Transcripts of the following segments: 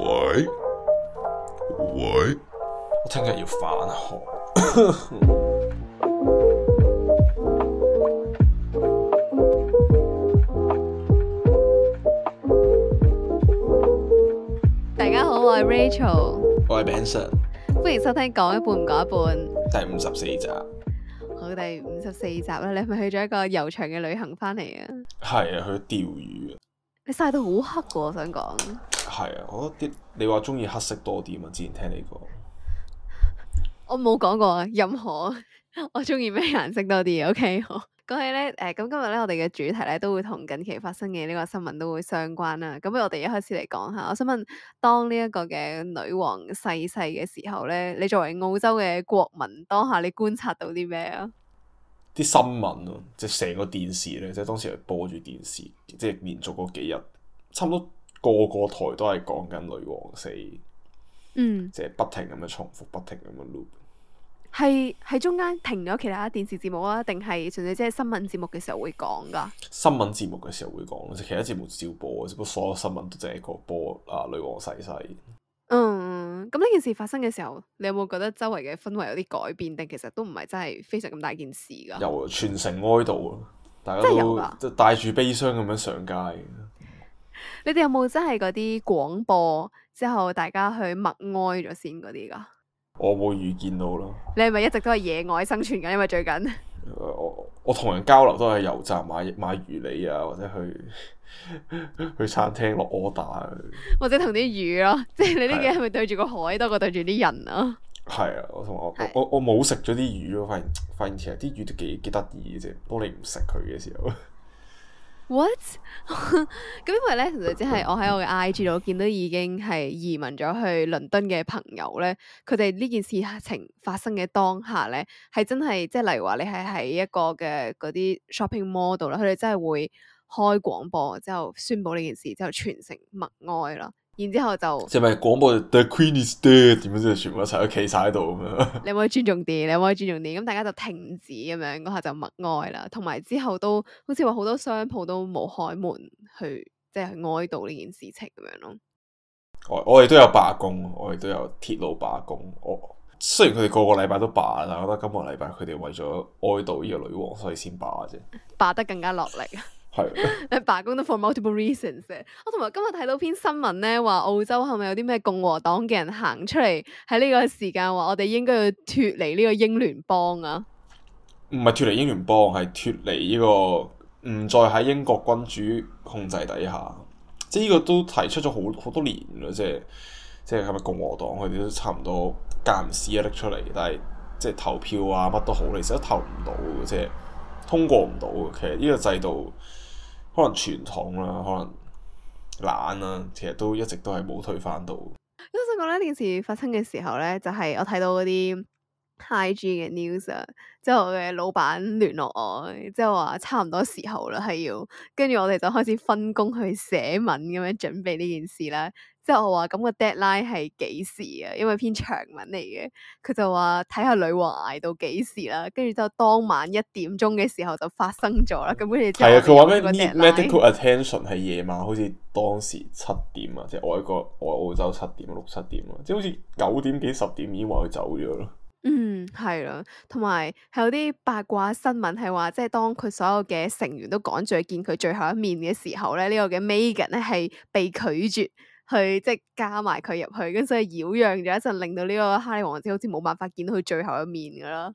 喂，喂，我聽日要返學啦， 大家好，我係 Rachel，我係 Benson，歡迎收聽講一半唔講一半第五十四集。好，第五十四集啦，你係咪去咗一個悠長嘅旅行翻嚟啊？係啊，去釣魚啊！你晒到好黑噶，我想講。係啊，我覺得啲你話中意黑色多啲嘛！之前聽你講，我冇講過任何我中意咩顏色多啲？OK，好。講起咧，誒、呃，咁今日咧，我哋嘅主題咧都會同近期發生嘅呢個新聞都會相關啦。咁我哋一開始嚟，講下，我想問，當呢一個嘅女王逝世嘅時候咧，你作為澳洲嘅國民，當下你觀察到啲咩啊？啲新聞啊，即係成個電視咧，即係當時係播住電視，即係連續嗰幾日，差唔多。個個台都係講緊女王死，嗯，即係不停咁樣重複，不停咁樣 loop。係喺中間停咗其他電視節目啊，定係純粹即係新聞節目嘅時候會講噶？新聞節目嘅時候會講，即係其他節目照播，只不過所有新聞都淨係講播啊女王死死。嗯，咁呢件事發生嘅時候，你有冇覺得周圍嘅氛圍有啲改變？定其實都唔係真係非常咁大件事噶？有啊，全城哀悼啊，大家都帶住悲傷咁樣上街。你哋有冇真係嗰啲廣播之後大家去默哀咗先嗰啲噶我冇遇見到啦。你係咪一直都係野外生存緊？因為最近、呃、我我同人交流都係油站買買魚嚟，啊，或者去 去餐廳落 order， 或者同啲魚咯。即係你呢幾日係咪對住個海、啊、多過對住啲人啊？係啊，我同、啊、我我我冇食咗啲魚咯。發現發現其實啲魚都幾幾得意嘅啫，當你唔食佢嘅時候。what 咁 因為咧，其實即係我喺我嘅 IG 度見到已經係移民咗去倫敦嘅朋友咧，佢哋呢件事情發生嘅當下咧，係真係即係例如話你係喺一個嘅嗰啲 shopping mall 度啦，佢哋真係會開廣播之後宣布呢件事，之後全城默哀啦。然之後就即係咪廣播 The Queen is dead？點樣即係全部一齊都企晒喺度咁樣？你有冇尊重啲？你有冇尊重啲？咁大家就停止咁樣，嗰下就默哀啦。同埋之後都好似話好多商鋪都冇開門去，即係去哀悼呢件事情咁樣咯。我我哋都有罷工，我哋都有鐵路罷工。我雖然佢哋個個禮拜都罷，但係我覺得今個禮拜佢哋為咗哀悼呢個女王，所以先罷啫。罷得更加落力。係罷是 工都 for multiple reasons。我同埋今日睇到篇新聞咧，話澳洲係咪有啲咩共和黨嘅人行出嚟喺呢個時間話，我哋應該要脫離呢個英聯邦啊？唔係脫離英聯邦，係脫離呢個唔再喺英國君主控制底下。即係呢個都提出咗好好多年啦，即係即係係咪共和黨佢哋都差唔多間唔時一拎出嚟，但係即係投票啊乜都好，你實都投唔到，即係通過唔到。其實呢個制度。可能傳統啦、啊，可能懶啦、啊，其實都一直都係冇推翻到。我想講呢件事發生嘅時候咧，就係、是、我睇到嗰啲 IG 嘅 news 啊，之、就、後、是、我嘅老闆聯絡我，即係話差唔多時候啦，係要跟住我哋就開始分工去寫文咁樣準備呢件事啦。即係我話咁個 deadline 係幾時啊？因為篇長文嚟嘅，佢就話，睇下女王挨到幾時啦。跟住就當晚一點鐘嘅時候就發生咗啦。咁跟住係啊，佢話咩 medical attention 係夜晚，好似當時七點啊，即係外國，我澳洲七點六七點啊，即係好似九點幾、十點已經話佢走咗咯。嗯，係啦，同埋係有啲八卦新聞係話，即係當佢所有嘅成員都趕住去見佢最後一面嘅時候咧，呢、這個嘅 Megan 咧係被拒絕。去即係加埋佢入去，跟住擾攘咗一陣，令到呢個哈利王子好似冇辦法見到佢最後一面噶啦。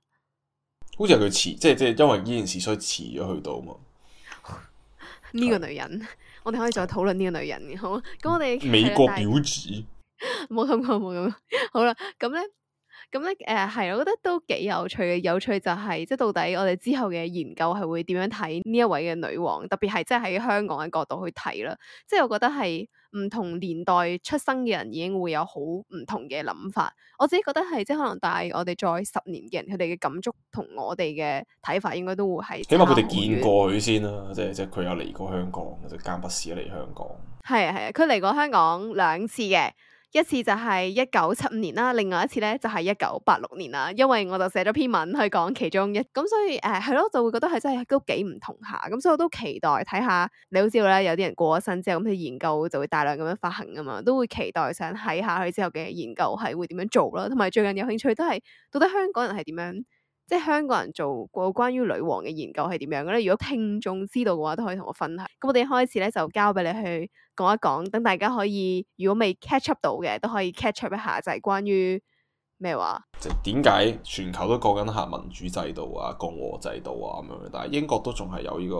好似係佢遲，即係即係因為呢件事，所以遲咗去到嘛。呢 個女人， 我哋可以再討論呢個女人嘅好。咁我哋美國婊子冇咁講，冇咁講。好啦，咁咧，咁咧，誒、呃，係，我覺得都幾有趣嘅。有趣就係、是，即係到底我哋之後嘅研究係會點樣睇呢一位嘅女王？特別係即係喺香港嘅角度去睇啦。即係我覺得係。唔同年代出生嘅人已經會有好唔同嘅諗法，我自己覺得係即係可能大我哋再十年嘅人，佢哋嘅感觸同我哋嘅睇法應該都會係。起碼佢哋見過佢先啦、啊，即係即係佢有嚟過香港，間不時嚟香港。係啊係啊，佢嚟過香港兩次嘅。一次就係一九七五年啦，另外一次咧就係一九八六年啦，因為我就寫咗篇文去講其中一，咁所以誒係咯，就會覺得係真係都幾唔同下，咁所以我都期待睇下，你都知道咧，有啲人過咗身之後，咁佢研究就會大量咁樣發行㗎嘛，都會期待想睇下佢之後嘅研究係會點樣做囉，同埋最近有興趣都係到底香港人係點樣。即係香港人做過關於女王嘅研究係點樣嘅咧？如果聽眾知道嘅話，都可以同我分享。咁我哋開始咧就交俾你去講一講，等大家可以如果未 catch up 到嘅，都可以 catch up 一下，就係關於咩話？即點解全球都過緊下民主制度啊、共和制度啊咁樣，但係英國都仲係有呢個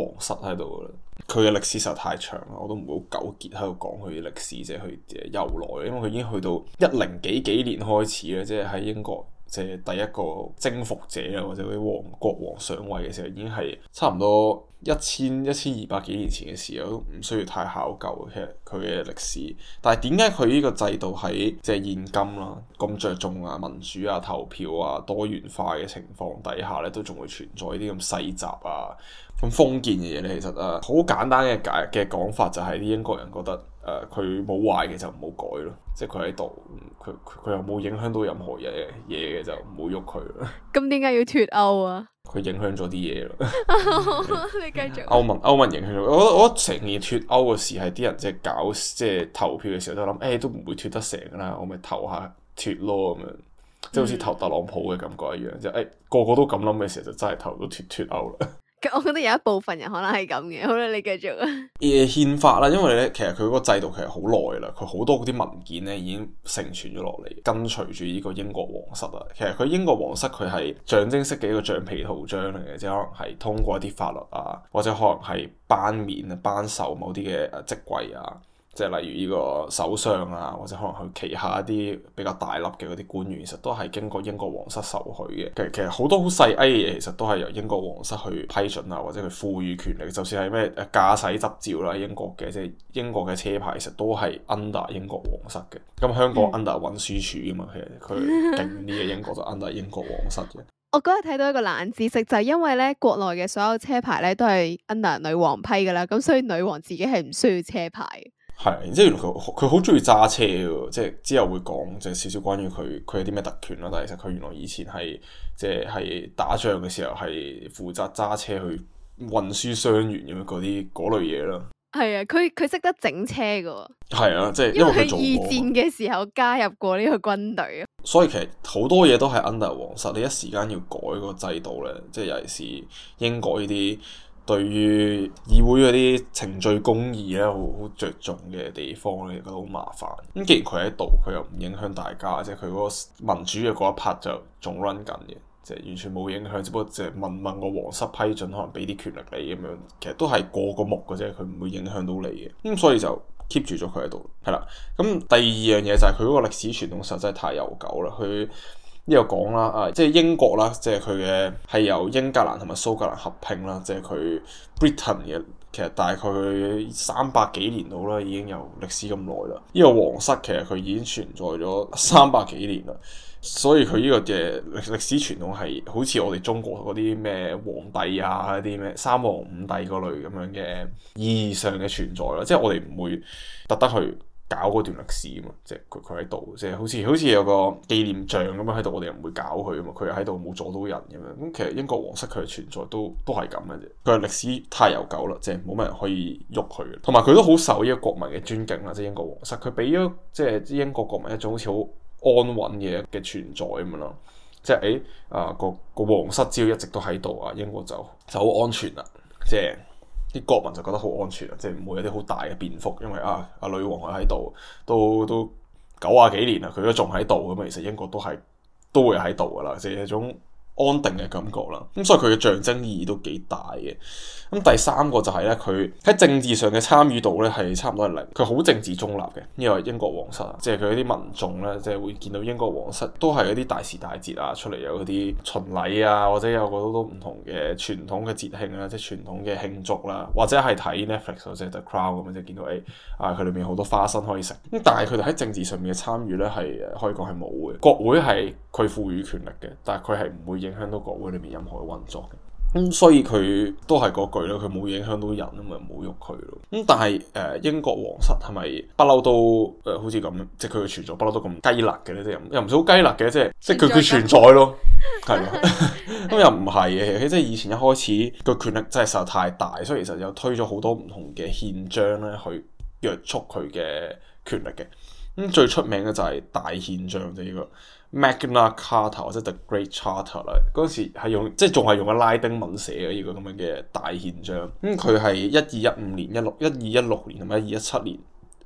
皇室喺度嘅。佢嘅歷史實在太長啦，我都唔會好糾結喺度講佢嘅歷史，即係佢嘅由來，因為佢已經去到一零幾幾年開始咧，即係喺英國。即係第一個征服者啊，或者啲王國王上位嘅時候，已經係差唔多一千一千二百幾年前嘅時候，都唔需要太考究其實佢嘅歷史。但係點解佢呢個制度喺即係現今啦、啊，咁着重啊民主啊投票啊多元化嘅情況底下咧，都仲會存在啲咁細雜啊咁封建嘅嘢咧？其實啊，好簡單嘅解嘅講法就係、是、啲英國人覺得。誒佢冇壞嘅就唔好改咯，即係佢喺度，佢佢又冇影響到任何嘢嘢嘅就唔好喐佢啦。咁點解要脱歐啊？佢影響咗啲嘢咯。Oh, 你繼續歐盟歐盟影響咗。我我成日脱歐嘅時候啲人即係搞即係投票嘅時候都諗誒、欸、都唔會脱得成㗎啦，我咪投下脱咯咁樣，即係好似投特朗普嘅感覺一樣。就誒、欸、個個都咁諗嘅時候就真係投到脱脱歐啦。我覺得有一部分人可能係咁嘅，好啦，你繼續啊。誒憲法啦、啊，因為咧，其實佢個制度其實好耐啦，佢好多嗰啲文件咧已經承傳咗落嚟，跟隨住呢個英國皇室啊。其實佢英國皇室佢係象徵式嘅一個橡皮圖章嚟嘅，即係可能係通過一啲法律啊，或者可能係頒免啊、頒授某啲嘅誒職位啊。即係例如呢個首相啊，或者可能佢旗下一啲比較大粒嘅嗰啲官員，其實都係經過英國皇室授許嘅。其實好多好細嘅嘢，其實都係由英國皇室去批准啊，或者佢賦予權力。就算係咩誒駕駛執照啦、啊，英國嘅即係英國嘅車牌，其實都係 under 英國皇室嘅。咁香港 under 運輸署㗎嘛，其實佢定啲嘢，英國就 under 英國皇室嘅。 我嗰日睇到一個冷知識，就係、是、因為咧國內嘅所有車牌咧都係 under 女王批㗎啦，咁所以女王自己係唔需要車牌。係，即之後佢佢好中意揸車嘅，即係之後會講即係少少關於佢佢有啲咩特權啦。但係其實佢原來以前係即係係打仗嘅時候係負責揸車去運輸傷員咁樣嗰啲嗰類嘢咯。係啊，佢佢識得整車嘅。係啊，即係因為佢二戰嘅時候加入過呢個軍隊啊。所以其實好多嘢都係 under 王室，你一時間要改個制度咧，即係尤其是英國呢啲。對於議會嗰啲程序公義咧，好好著重嘅地方咧，亦都好麻煩。咁既然佢喺度，佢又唔影響大家，即係佢嗰民主嘅嗰一 part 就仲 run 緊嘅，即係完全冇影響。只不過即係問問個皇室批准，可能俾啲權力你咁樣，其實都係過個目嘅啫，佢唔會影響到你嘅。咁所以就 keep 住咗佢喺度，係啦。咁第二樣嘢就係佢嗰個歷史傳統實在太悠久啦，佢。呢個講啦，啊，即係英國啦，即係佢嘅係由英格蘭同埋蘇格蘭合併啦，即係佢 Britain 嘅，其實大概三百幾年到啦，已經有歷史咁耐啦。呢個皇室其實佢已經存在咗三百幾年啦，所以佢呢個嘅歷史傳統係好似我哋中國嗰啲咩皇帝啊，啲咩三皇五帝嗰類咁樣嘅意義上嘅存在咯，即係我哋唔會特登去搞嗰段歷史啊嘛，即係佢佢喺度，即係好似好似有個紀念像咁樣喺度，我哋又唔會搞佢啊嘛，佢又喺度冇阻到人咁樣。咁其實英國皇室佢嘅存在都都係咁嘅啫，佢嘅歷史太悠久啦，即係冇乜人可以喐佢。同埋佢都好受呢個國民嘅尊敬啦，即係英國皇室佢俾咗即係英國國民一種好似好安穩嘅嘅存在咁樣咯。即係誒哎啊個個皇室只要一直都喺度啊，英國就就好安全啦，即係。啲國民就覺得好安全啊，即係唔會有啲好大嘅變幅，因為啊女王喺度，都都九十幾年啦，佢都仲喺度，咁其實英國都係都會喺度㗎喇，即係一種，安定嘅感覺啦，咁所以佢嘅象徵意義都幾大嘅。咁第三個就係、是、咧，佢喺政治上嘅參與度咧係差唔多係零，佢好政治中立嘅，因為英國皇室啊，即係佢啲民眾咧，即係會見到英國皇室都係嗰啲大時大節啊，出嚟有嗰啲巡禮啊，或者有好多唔同嘅傳統嘅節慶啊，即係傳統嘅慶祝啦、啊，或者係睇 Netflix 或者 The Crown 咁、哎、啊，即係見到誒啊佢裏面好多花生可以食。咁但係佢哋喺政治上面嘅參與咧係可以講係冇嘅，國會係佢賦予權力嘅，但係佢係唔會。影響到國會裏面任何嘅運作咁、嗯、所以佢都係嗰句啦。佢冇影響到人，咁咪冇郁佢咯。咁、嗯、但係誒、呃，英國皇室係咪不嬲都誒、呃，好似咁，即係佢嘅存在不嬲都咁雞肋嘅咧，即係又唔算好雞肋嘅，即係即係佢佢存在咯，係咯，咁又唔係嘅，即係以前一開始個權力真係實在太大，所以其實又推咗好多唔同嘅憲章咧去約束佢嘅權力嘅。咁、嗯、最出名嘅就係大憲章呢、呢個。Magna Carta 或者 The Great Charter 啦，嗰陣時係用即係仲係用個拉丁文寫嘅呢、這個咁樣嘅大憲章。咁佢係一二一五年、一六一二一六年同埋一二一七年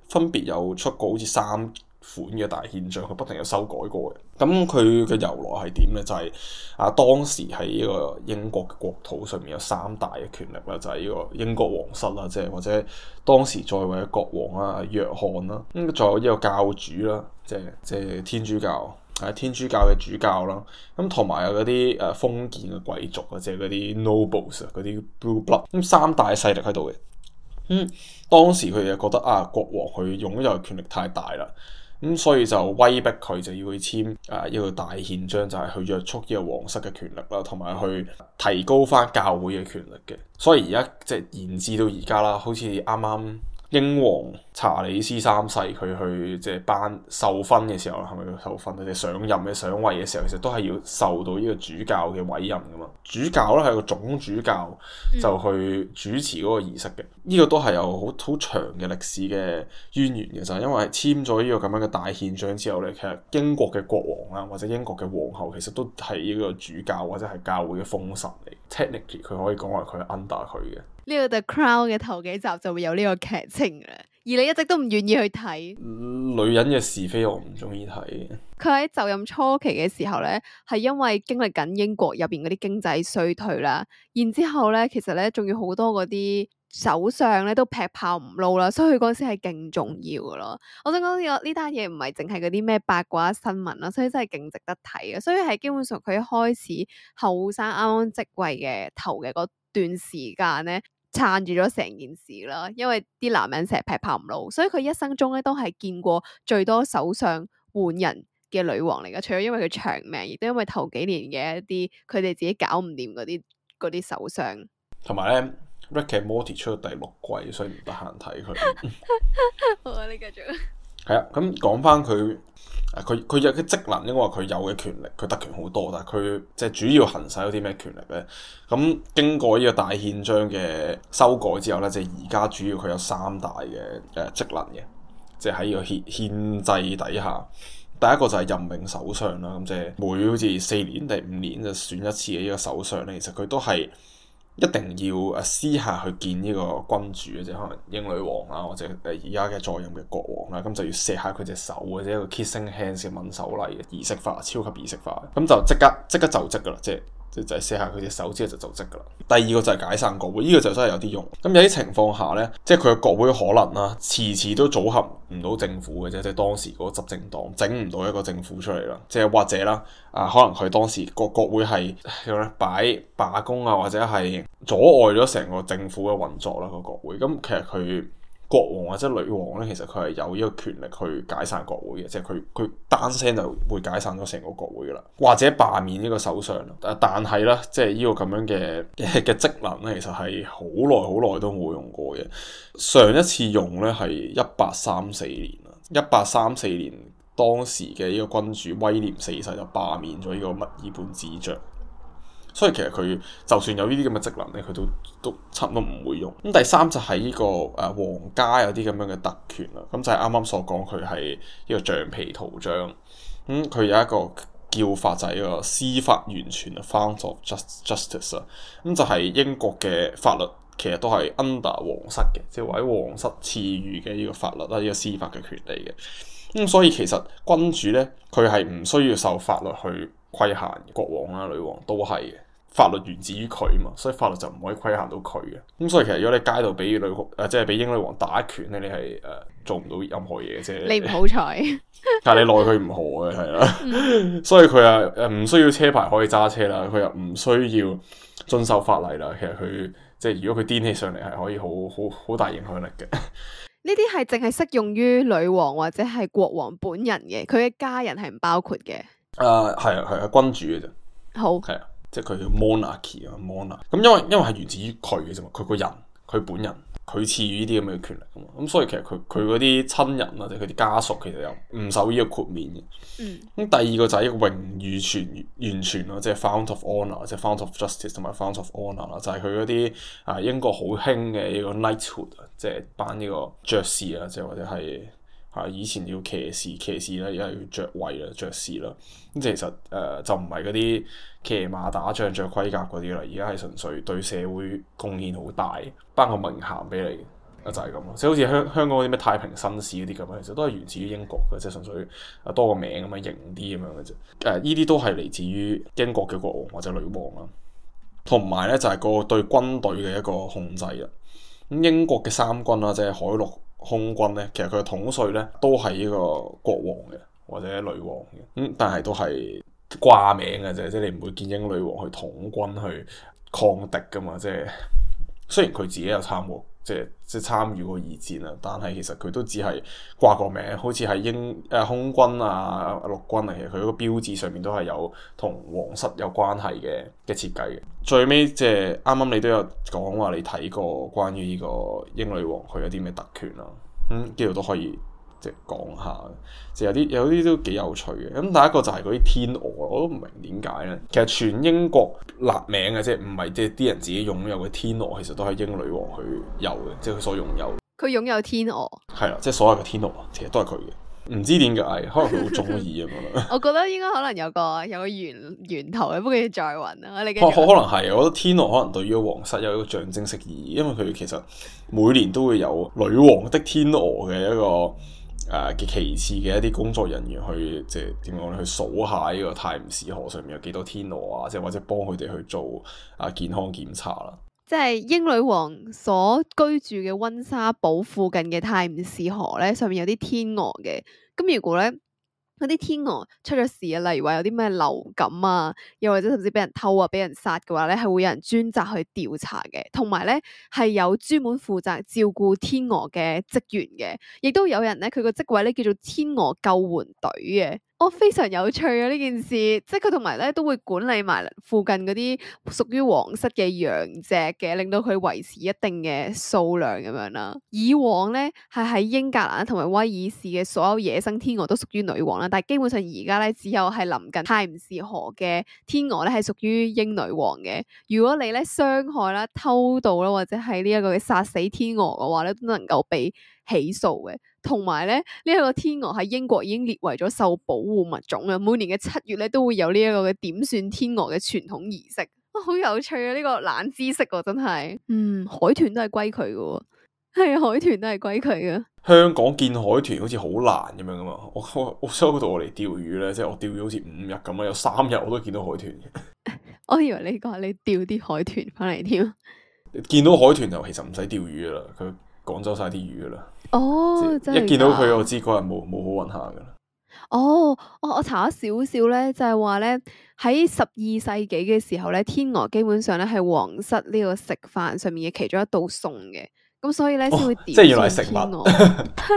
分別有出過好似三款嘅大憲章，佢不停有修改過嘅。咁佢嘅由來係點咧？就係啊，當時喺呢個英國嘅國土上面有三大嘅權力啦，就係、是、呢個英國皇室啦，即係或者當時在位嘅國王啊約翰啦，咁、嗯、再有呢個教主啦，即係即係天主教。係天主教嘅主教啦，咁同埋有嗰啲誒封建嘅貴族或者嗰啲 nobles 啊，嗰啲 blue blood，咁三大勢力喺度嘅。嗯，當時佢哋就覺得啊，國王佢擁有嘅權力太大啦，咁所以就威逼佢就要去簽啊一個大憲章，就係去約束呢個皇室嘅權力啦，同埋去提高翻教會嘅權力嘅。所以而家即係延至到而家啦，好似啱啱，英皇查理斯三世佢去即係班授婚嘅時候，係咪要授婚？佢哋上任嘅上位嘅時候，其實都係要受到呢個主教嘅委任噶嘛。主教咧係個總主教就去主持嗰個儀式嘅。呢、呢個都係有好好長嘅歷史嘅淵源嘅就係、是、因為簽咗呢個咁樣嘅大憲章之後咧，其實英國嘅國王啊或者英國嘅皇后其實都係呢個主教或者係教會嘅封神嚟。Technically 佢可以講話，佢係 under 佢嘅。呢、這個《The Crown》嘅頭幾集就會有呢個劇情嘅，而你一直都唔願意去睇，呃。女人嘅是非我唔中意睇。佢喺就任初期嘅時候咧，係因為經歷緊英國入邊嗰啲經濟衰退啦，然之後咧，其實咧仲要好多嗰啲首相咧都劈炮唔撈啦，所以佢嗰時係勁重要噶咯。我想講呢個呢單嘢唔係淨係嗰啲咩八卦新聞啦，所以真係勁值得睇嘅，所以係基本上佢一開始後生啱啱即位嘅頭嘅嗰。段時間咧撐住咗成件事啦，因為啲男人成日劈炮唔撈，所以佢一生中咧都係見過最多首相換人嘅女王嚟噶。除咗因為佢長命，亦都因為頭幾年嘅一啲佢哋自己搞唔掂嗰啲嗰啲首相。同埋咧，《Rick and Morty》出咗第六季，所以唔得閒睇佢。 好啊，你繼續。係啊，咁講翻佢，佢佢有嘅職能，應該話佢有嘅權力，佢特權好多，但係佢即係主要行使有啲咩權力咧？咁經過呢個大憲章嘅修改之後咧，即係而家主要佢有三大嘅誒、呃、職能嘅，即係喺呢個憲憲制底下，第一個就係任命首相啦，咁即係每好似四年定五年就選一次嘅呢個首相咧，其實佢都係。一定要私下去見呢個君主，即係可能英女王啊，或者而家嘅在任嘅國王啦，咁就要錫下佢隻手或者一個 kissing hands 嘅吻手禮嘅儀式化，超級儀式化，咁就即刻即刻就職㗎啦，即係。即就係卸下佢隻手指就就職㗎啦。第二個就係解散國會，呢、呢個就真係有啲用。咁有啲情況下呢，即係佢嘅國會可能啦，遲遲都組合唔到政府嘅啫。即係當時嗰執政黨整唔到一個政府出嚟啦。即係或者啦，啊，可能佢當時國國會係點咧？擺罷工啊，或者係阻礙咗成個政府嘅運作啦。個國會咁、嗯，其實佢。國王或者女王呢，其實佢係有呢個權力去解散國會嘅，即係佢佢單聲就會解散咗成個國會噶啦，或者罷免呢個首相。但係呢，即係呢個咁樣嘅嘅 職能咧，其實係好耐好耐都冇用過嘅。上一次用呢係一八三四年，一八三四年當時嘅呢個君主威廉四世就罷免咗呢個墨爾本子爵。所以其實佢就算有呢啲咁嘅職能咧，佢都都差唔多唔會用。咁、嗯、第三就係呢、這個誒、啊、皇家有啲咁樣嘅特權啦。咁、嗯、就係啱啱所講佢係呢個橡皮圖章。咁、嗯、佢有一個叫法就係、是、呢個司法完全 Fount of just justice 啊、嗯。咁就係、是、英國嘅法律其實都係 under 皇室嘅，即係位皇室賜予嘅呢個法律啦，呢、這個司法嘅權利嘅。咁、嗯、所以其實君主咧佢係唔需要受法律去。規限國王啦、女王都係法律源自於佢嘛，所以法律就唔可以規限到佢嘅。咁所以其實如果你街度俾女、呃、即係俾英女王打拳咧，你係誒、呃、做唔到任何嘢啫。你唔 好彩，但係你奈佢唔何嘅係啦。 所以佢啊誒，唔、呃、需要車牌可以揸車啦，佢又唔需要遵守法例啦。其實佢即係如果佢癲起上嚟，係可以好好好大影響力嘅。呢啲係淨係適用於女王或者係國王本人嘅，佢嘅家人係唔包括嘅。誒，係、uh, 啊，係啊，啊，君主嘅啫，好係啊，即係佢叫 monarchy 啊，monarch 咁、嗯、因為因為係源自於佢嘅啫嘛，佢個人，佢本人，佢賜予呢啲咁嘅權力啊嘛，咁、嗯、所以其實佢佢嗰啲親人啊，即係佢啲家屬，其實又唔受呢個豁免嘅，嗯，咁第二個就係榮譽權完全咯，即係 fount of honour，即係 fount of justice 同埋 fount of honour 啦，就係佢嗰啲啊英國好興嘅呢個 knighthood 啊，即係班呢個爵士啊，即係或者係。係以前要騎士，騎士咧而家要爵位啦，爵士啦。咁其實誒、呃、就唔係嗰啲騎馬打仗、着盔甲嗰啲啦，而家係純粹對社會貢獻好大，得個名銜俾你，就係咁咯。即係好似香香港啲咩太平紳士嗰啲咁啊，其實都係源自於英國嘅，即係純粹啊多個名咁樣型啲咁樣嘅啫。誒、呃，呢啲都係嚟自於英國嘅國王或者女王啦。同埋咧就係、是、個對軍隊嘅一個控制啦。咁英國嘅三軍啦，即係海陸、空軍咧，其實佢嘅統帥咧都係呢個國王嘅或者女王嘅。咁但係都係掛名嘅啫，即係你唔會見英女王去統軍去抗敵噶嘛，即係雖然佢自己有參和。即係即係參與過二戰啊，但係其實佢都只係掛個名，好似係英誒、呃、空軍啊、陸軍嚟嘅，佢嗰個標誌上面都係有同皇室有關係嘅嘅設計嘅。最尾即係啱啱你都有講話，你睇過關於呢個英女王佢有啲咩特權咯、啊，嗯，呢度都可以。即係講下，即係有啲有啲都幾有趣嘅。咁第一個就係嗰啲天鵝，我都唔明點解咧。其實全英國立名嘅啫，唔係即係啲人自己擁有嘅天鵝，其實都係英女王佢有嘅，即係佢所擁有。佢擁有天鵝，係啦，即係所有嘅天鵝其實都係佢嘅。唔知點解，可能佢好中意啊嘛。 我覺得應該可能有個有個源源頭嘅，不過在再揾我你可可能係，我覺得天鵝可能對於皇室有一個象徵式意義，因為佢其實每年都會有女王的天鵝嘅一個。誒嘅其次嘅一啲工作人員去，即係點講，去數下呢個泰晤士河上面有幾多天鵝啊。即係或者幫佢哋去做啊健康檢查啦。即係英女王所居住嘅溫莎堡附近嘅泰晤士河咧，上面有啲天鵝嘅。咁如果咧？嗰啲天鵝出咗事啊，例如話有啲咩流感啊，又或者甚至俾人偷啊、俾人殺嘅話咧，係會有人專責去調查嘅，同埋咧係有專門負責照顧天鵝嘅職員嘅，亦都有人咧，佢個職位咧叫做天鵝救援隊嘅。哦，非常有趣啊！呢件事，即係佢同埋咧都會管理埋附近嗰啲屬於皇室嘅羊隻嘅，令到佢維持一定嘅數量咁樣啦。以往咧係喺英格蘭同埋威爾士嘅所有野生天鵝都屬於女王啦，但係基本上而家咧只有係臨近泰晤士河嘅天鵝咧係屬於英女王嘅。如果你咧傷害啦、偷渡啦或者係呢一個殺死天鵝嘅話咧，都能夠被起訴嘅。同埋咧，呢一個天鵝喺英國已經列為咗受保護物種啦！每年嘅七月咧，都會有呢一個嘅點算天鵝嘅傳統儀式，好有趣啊！呢個冷知識，啊，真係，嗯，海豚都係歸佢嘅，係海豚都係歸佢嘅。香港見海豚好似好難咁樣啊嘛！我我，我收到我嚟釣魚咧，即係我釣魚好似五日咁樣，有三日我都見到海豚。 我以為你話你釣啲海豚翻嚟添，見到海豚就其實唔使釣魚噶啦，佢趕走晒啲魚噶啦。哦，一見到佢我知嗰人冇冇好運下，噶啦。哦，我我查咗少少咧，就係話咧喺十二世紀嘅時候咧，天鵝基本上咧係皇室呢個食飯上面嘅其中一道餸嘅。咁所以咧先會釣，即係原來食物，係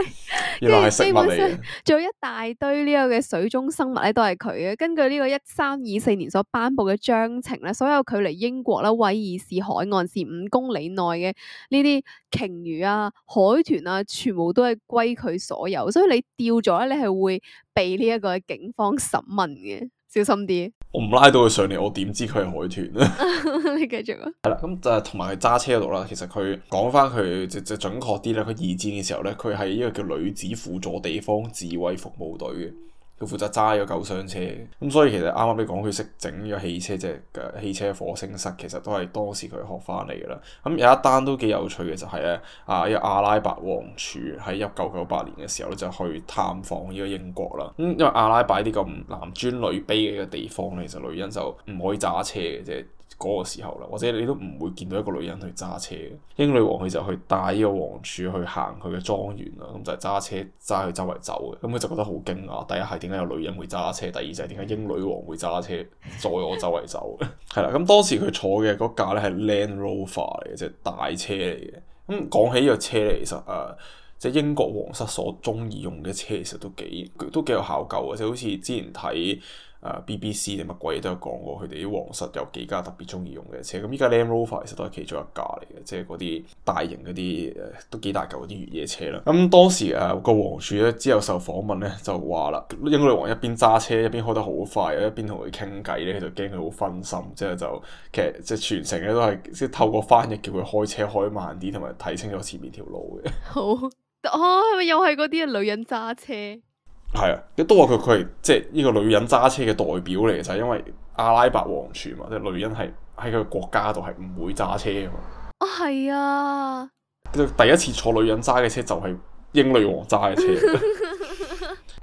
原來係食物嚟， 一大堆呢個嘅水中生物咧都係佢嘅。根據呢個一三二四年所頒布嘅章程咧，所有距離英國啦、威爾士海岸線五公里內嘅呢啲鯨魚啊、海豚啊，全部都係歸佢所有。所以你釣咗咧，你係會被呢一個警方審問嘅，小心啲。我唔拉到佢上嚟，我點知佢係海豚啊？ 你繼續啊。係啦、嗯，咁就係同埋佢揸車度啦。其實佢講返佢就就準確啲咧。佢二戰嘅時候咧，佢係一個叫女子輔助地方自衛服務隊嘅。佢負責揸嗰救傷車，咁所以其實啱啱你講佢識整呢個汽車啫，嘅汽車火星室其實都係當時佢學翻嚟噶啦。咁有一單都幾有趣嘅就係、是、咧，啊，一、呢個阿拉伯王儲喺一九九八年嘅時候咧就去探訪呢個英國啦。咁因為阿拉伯呢啲咁男尊女卑嘅地方咧，其實女人就唔可以揸車嘅啫。嗰個時候啦，或者你都唔會見到一個女人去揸車嘅。英女王佢就去帶個王儲去行佢嘅莊園啦，咁就係揸車揸佢周圍走嘅。咁佢就覺得好驚訝。第一係點解有女人會揸車？第二就係點解英女王會揸車載我周圍走？係啦， 咁當時佢坐嘅嗰架咧係 Land Rover 嚟嘅，即係大車嚟嘅。咁講起呢個車咧，其實啊，即係英國皇室所中意用嘅車，其實都幾都幾有考究嘅。即係好似之前睇，誒 BBC 定乜鬼都有講過，佢哋啲皇室有幾家特別中意用嘅車，咁依家 Land Rover 其實都係其中一架嚟嘅，即係嗰啲大型嗰啲誒都幾大嚿嗰啲越野車啦。咁、嗯、當時誒個皇儲咧之後受訪問咧就話啦，英女王一邊揸車一邊開得好快，一邊同佢傾偈咧，佢就驚佢好分心，之後就其實即係全程咧都係即係透過翻譯叫佢開車開慢啲，同埋睇清楚前面條路嘅。好，哦，係咪又係嗰啲女人揸車？係啊，都話佢佢係即係呢個女人揸車嘅代表嚟嘅，就係因為阿拉伯王儲嘛，即係女人係喺佢國家度係唔會揸車嘅嘛。哦，係啊。第一次坐女人揸嘅車就係英女王揸嘅車。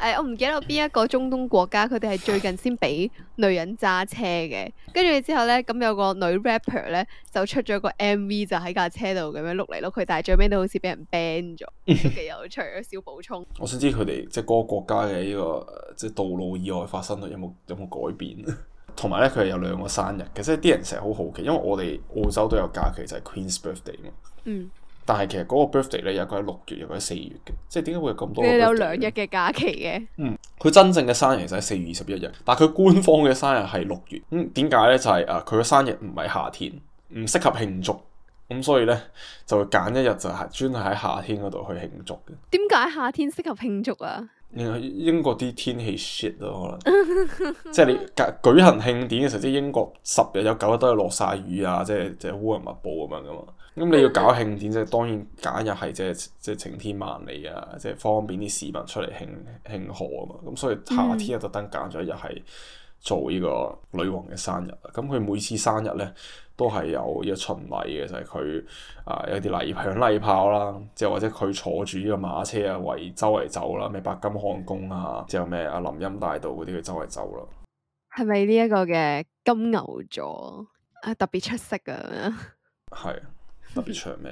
誒、哎，我唔記得邊一個中東國家，佢哋係最近先俾女人揸車嘅。跟住之後呢，咁有個女 rapper 呢，就出咗個 MV，就喺架車度咁樣碌嚟碌去，但係最尾都好似俾人 ban 咗。幾有趣，小補充。 我想知佢哋即係嗰個國家嘅呢、這個即係、就是、道路意外發生率有冇有冇改變？同 埋呢，佢係有兩個生日，其實啲人成日好好奇，因為我哋澳洲都有假期就係 Queen's Birthday 嘛。 嗯。但係其實嗰個 birthday 咧，有佢喺六月，有佢喺四月嘅，即係點解會有咁多？你有兩日嘅假期嘅，嗯。嗯，佢真正嘅生日就喺四月二十一日，但係佢官方嘅生日係六月。咁點解咧？就係啊，佢嘅生日唔係夏天，唔適合慶祝，咁所以咧就會揀一日就係專係喺夏天嗰度去慶祝嘅。點解夏天適合慶祝啊？因為英國啲天氣 shit 啊，可能 即係你舉行慶典嘅時候，即英國十日有九日都係落晒雨啊，即係即係烏雲密佈咁樣噶嘛。咁你、嗯嗯、要搞慶典，即係當然揀日係即係即係晴天萬里啊，即係方便啲市民出嚟慶慶賀啊嘛。咁、嗯嗯嗯、所以夏天又特登揀咗一日係做呢個女王嘅生日啦。咁佢每次生日咧都係有一巡禮嘅，就係佢啊有啲禮響禮炮啦，即係或者佢坐住呢個馬車啊，圍周圍走啦，咩白金漢宮啊，之後咩阿林蔭大道嗰啲佢周圍走咯。係咪呢一個嘅金牛座啊特別出色啊？係。 特別長命，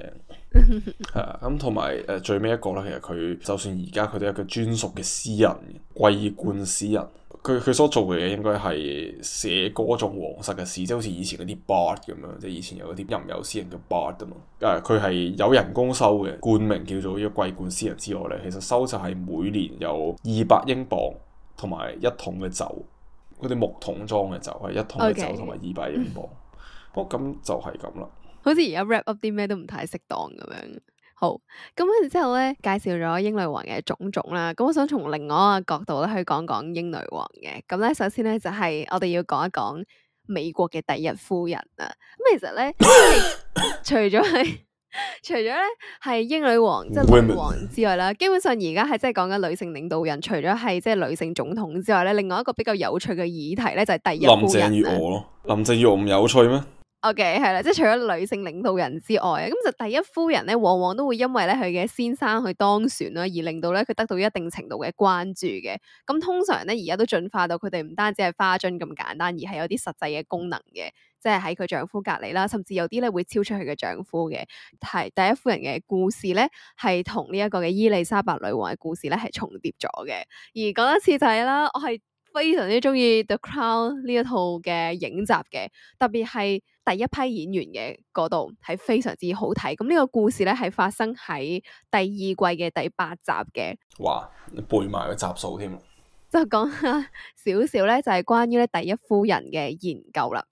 係 啊！咁同埋誒最尾一個咧，其實佢就算而家佢都係一個專屬嘅詩人，桂冠詩人。佢佢所做嘅嘢應該係寫歌頌皇室嘅詩，即係好似以前嗰啲 bard 咁樣，即係以前有嗰啲吟遊詩人嘅 bard 嘛。誒、啊，佢係有人工收嘅冠名叫做一個桂冠詩人之外咧，其實收就係每年有二百英鎊同埋一桶嘅酒，嗰啲木桶裝嘅酒係一桶嘅酒同埋二百英鎊。Okay. 哦，咁就係咁啦。好似而家 wrap up 啲咩都唔太適當咁樣，好咁跟住之後咧，介紹咗英女王嘅種種啦。咁我想從另外一個角度咧去講講英女王嘅。咁咧，首先咧就係、是、我哋要講一講美國嘅第一夫人啊。咁其實咧， 除咗除咗咧係英女王 Women. 即係女王之外啦，基本上而家係真係講緊女性領導人，除咗係即係女性總統之外咧，另外一個比較有趣嘅議題咧就係第一夫人。林鄭月娥咯。林鄭月娥唔有趣咩？OK，係啦，即係除咗女性領導人之外，咁就第一夫人咧，往往都會因為咧佢嘅先生去當選啦，而令到咧佢得到一定程度嘅關注嘅。咁、嗯、通常咧，而家都進化到佢哋唔單止係花樽咁簡單，而係有啲實際嘅功能嘅，即係喺佢丈夫隔籬啦，甚至有啲咧會超出佢嘅丈夫嘅。係第一夫人嘅故事咧，係同呢一個嘅伊麗莎白女王嘅故事咧係重疊咗嘅。而嗰一次就係啦，我係。非常之中意《The Crown》呢一套嘅影集嘅，特別係第一批演員嘅嗰度係非常之好睇。咁呢個故事咧係發生喺第二季嘅第八集嘅。哇，你背埋個集數添。就講少少咧，就係關於咧第一夫人嘅研究啦。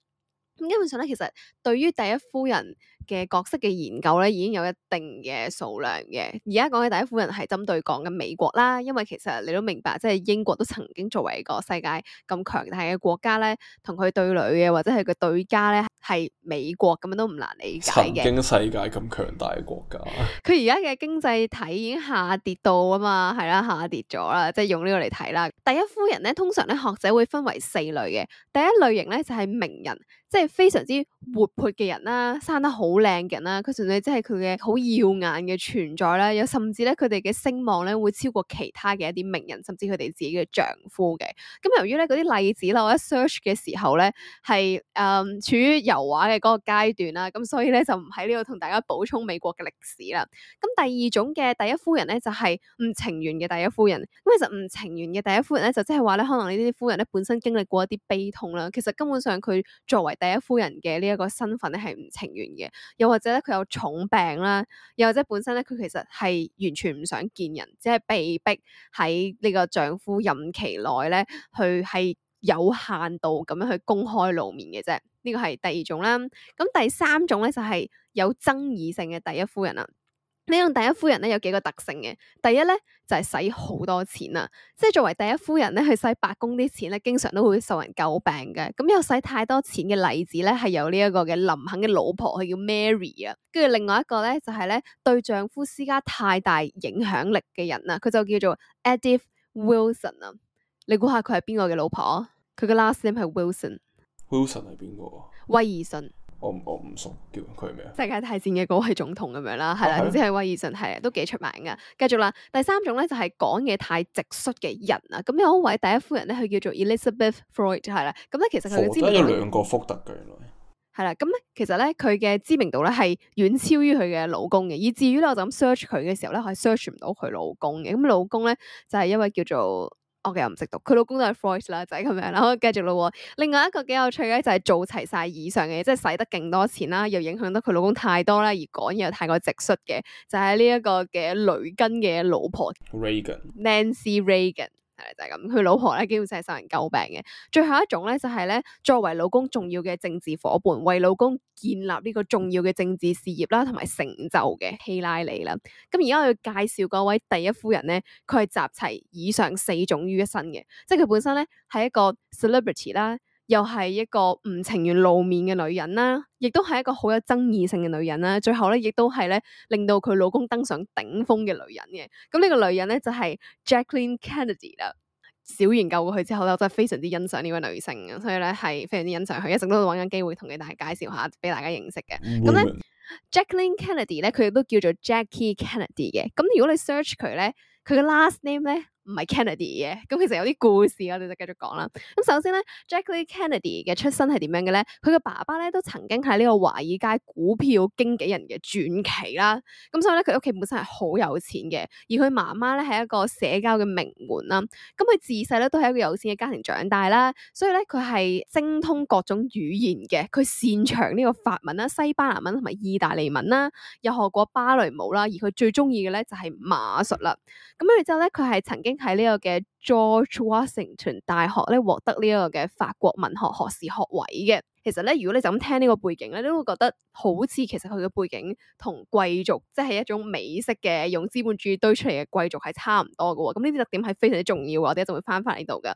咁基本上咧，其實對於第一夫人。嘅角色嘅研究咧，已經有一定嘅數量嘅。而家講嘅第一夫人係針對講緊美國啦，因為其實你都明白，即係英國都曾經作為一個世界咁強大嘅國家咧，同佢對壘嘅或者係佢對家咧，係美國咁樣都唔難理解嘅。曾經世界咁強大嘅國家，佢而家嘅經濟體已經下跌到啊嘛，係啦，下跌咗啦，即係用呢個嚟睇啦。第一夫人咧，通常咧學者會分為四類嘅。第一類型咧就係名人。即係非常之活潑嘅人啦，生得好靚嘅人啦，佢純粹即係佢嘅好耀眼嘅存在啦。有甚至咧，佢哋嘅聲望咧會超過其他嘅一啲名人，甚至佢哋自己嘅丈夫嘅。咁、嗯、由於咧嗰啲例子啦，我一 search 嘅時候咧係誒處於油畫嘅嗰個階段啦，咁、嗯、所以咧就唔喺呢度同大家補充美國嘅歷史啦。咁、嗯、第二種嘅第一夫人咧就係、是、唔情願嘅第一夫人。咁、嗯、其實唔情願嘅第一夫人咧就即係話咧，可能呢啲夫人咧本身經歷過一啲悲痛啦。其實根本上佢作為。第一夫人嘅呢一個身份咧係唔情願嘅，又或者咧佢有重病啦，又或者本身咧佢其實係完全唔想見人，即係被逼喺呢個丈夫任期內咧去係有限度咁樣去公開露面嘅啫。呢個係第二種啦。咁第三種咧就係、是、有爭議性嘅第一夫人啦。呢種第一夫人咧有幾個特性嘅，第一咧就係使好多錢啦，即係作為第一夫人咧去使白宮啲錢咧，經常都會受人詬病嘅。咁有使太多錢嘅例子咧，係有呢一個嘅林肯嘅老婆，佢叫 Mary 啊。跟住另外一個咧就係、是、咧對丈夫施加太大影響力嘅人啊，佢就叫做 Edith Wilson 啊。你估下佢係邊個嘅老婆？佢嘅 last name 係 Wilson。Wilson 係邊個？威爾遜。我我唔熟，叫佢咩啊？世界大戰嘅嗰位總統咁樣啦，係啦，總之係威爾遜，係啊，的都幾出名噶。繼續啦，第三種咧就係講嘢太直率嘅人啊。咁有一位第一夫人咧，佢叫做 Elizabeth Freud 係啦。咁咧其實佢嘅知名有兩，個福特嘅原來係啦。咁咧其實咧佢嘅知名度咧係遠超於佢嘅老公嘅， 以至於咧我就咁 search 佢嘅時候咧，我係 search 唔到佢老公嘅。咁老公咧就係、是、一位叫做。Okay, 我嘅又唔識讀，佢老公都係 f r e s 啦，就係、是、咁樣啦。繼續咯，另外一個幾有趣嘅就係、是、做齊晒以上嘅嘢，即係使得勁多錢啦，又影響得佢老公太多啦，而講嘢又太過直率嘅，就係呢一個嘅雷根嘅老婆 Reagan. Nancy Reagan。就係、是、咁，佢老婆咧基本上係受人詬病嘅。最後一種咧就係、是、咧，作為老公重要嘅政治夥伴，為老公建立呢個重要嘅政治事業啦，同埋成就嘅希拉里啦。咁而家我要介紹嗰位第一夫人咧，佢係集齊以上四種於一身嘅，即係佢本身咧係一個 celebrity 啦。又係一個唔情願露面嘅女人啦，亦都係一個好有爭議性嘅女人啦。最後咧，亦都係咧令到佢老公登上頂峰嘅女人嘅。咁呢個女人咧就係 Jacqueline Kennedy 啦。小研究過佢之後咧，我真係非常之欣賞呢位女性嘅，所以咧係非常之欣賞佢，一直都揾緊機會同佢大家介紹下，俾大家認識嘅。咁咧 Women.，Jacqueline Kennedy 咧，佢亦都叫做 Jackie Kennedy 嘅。咁如果你 search 佢咧，佢嘅 last name 咧。唔係 Kennedy 嘅，咁其實有啲故事，我哋就繼續講啦。咁首先咧，Jackie Kennedy 嘅出身係點樣嘅咧？佢嘅爸爸咧都曾經喺呢個華爾街股票經紀人嘅傳奇啦。咁所以咧，佢屋企本身係好有錢嘅。而佢媽媽咧係一個社交嘅名門啦。咁佢自細咧都係一個有錢嘅家庭長大啦。所以咧，佢係精通各種語言嘅。佢擅長呢個法文啦、西班牙文同埋意大利文啦。又學過芭蕾舞啦。而佢最中意嘅咧就係馬術啦。咁跟住之後咧，佢係曾經，喺呢個嘅 George Washington 大學咧，獲得呢個嘅法國文學學士學位嘅。其實咧，如果你就咁聽呢個背景咧，你都會覺得好似其實佢嘅背景同貴族，即係一種美式嘅用資本主義堆出嚟嘅貴族係差唔多嘅喎。咁呢啲特點係非常之重要，我哋一陣會翻翻嚟度㗎。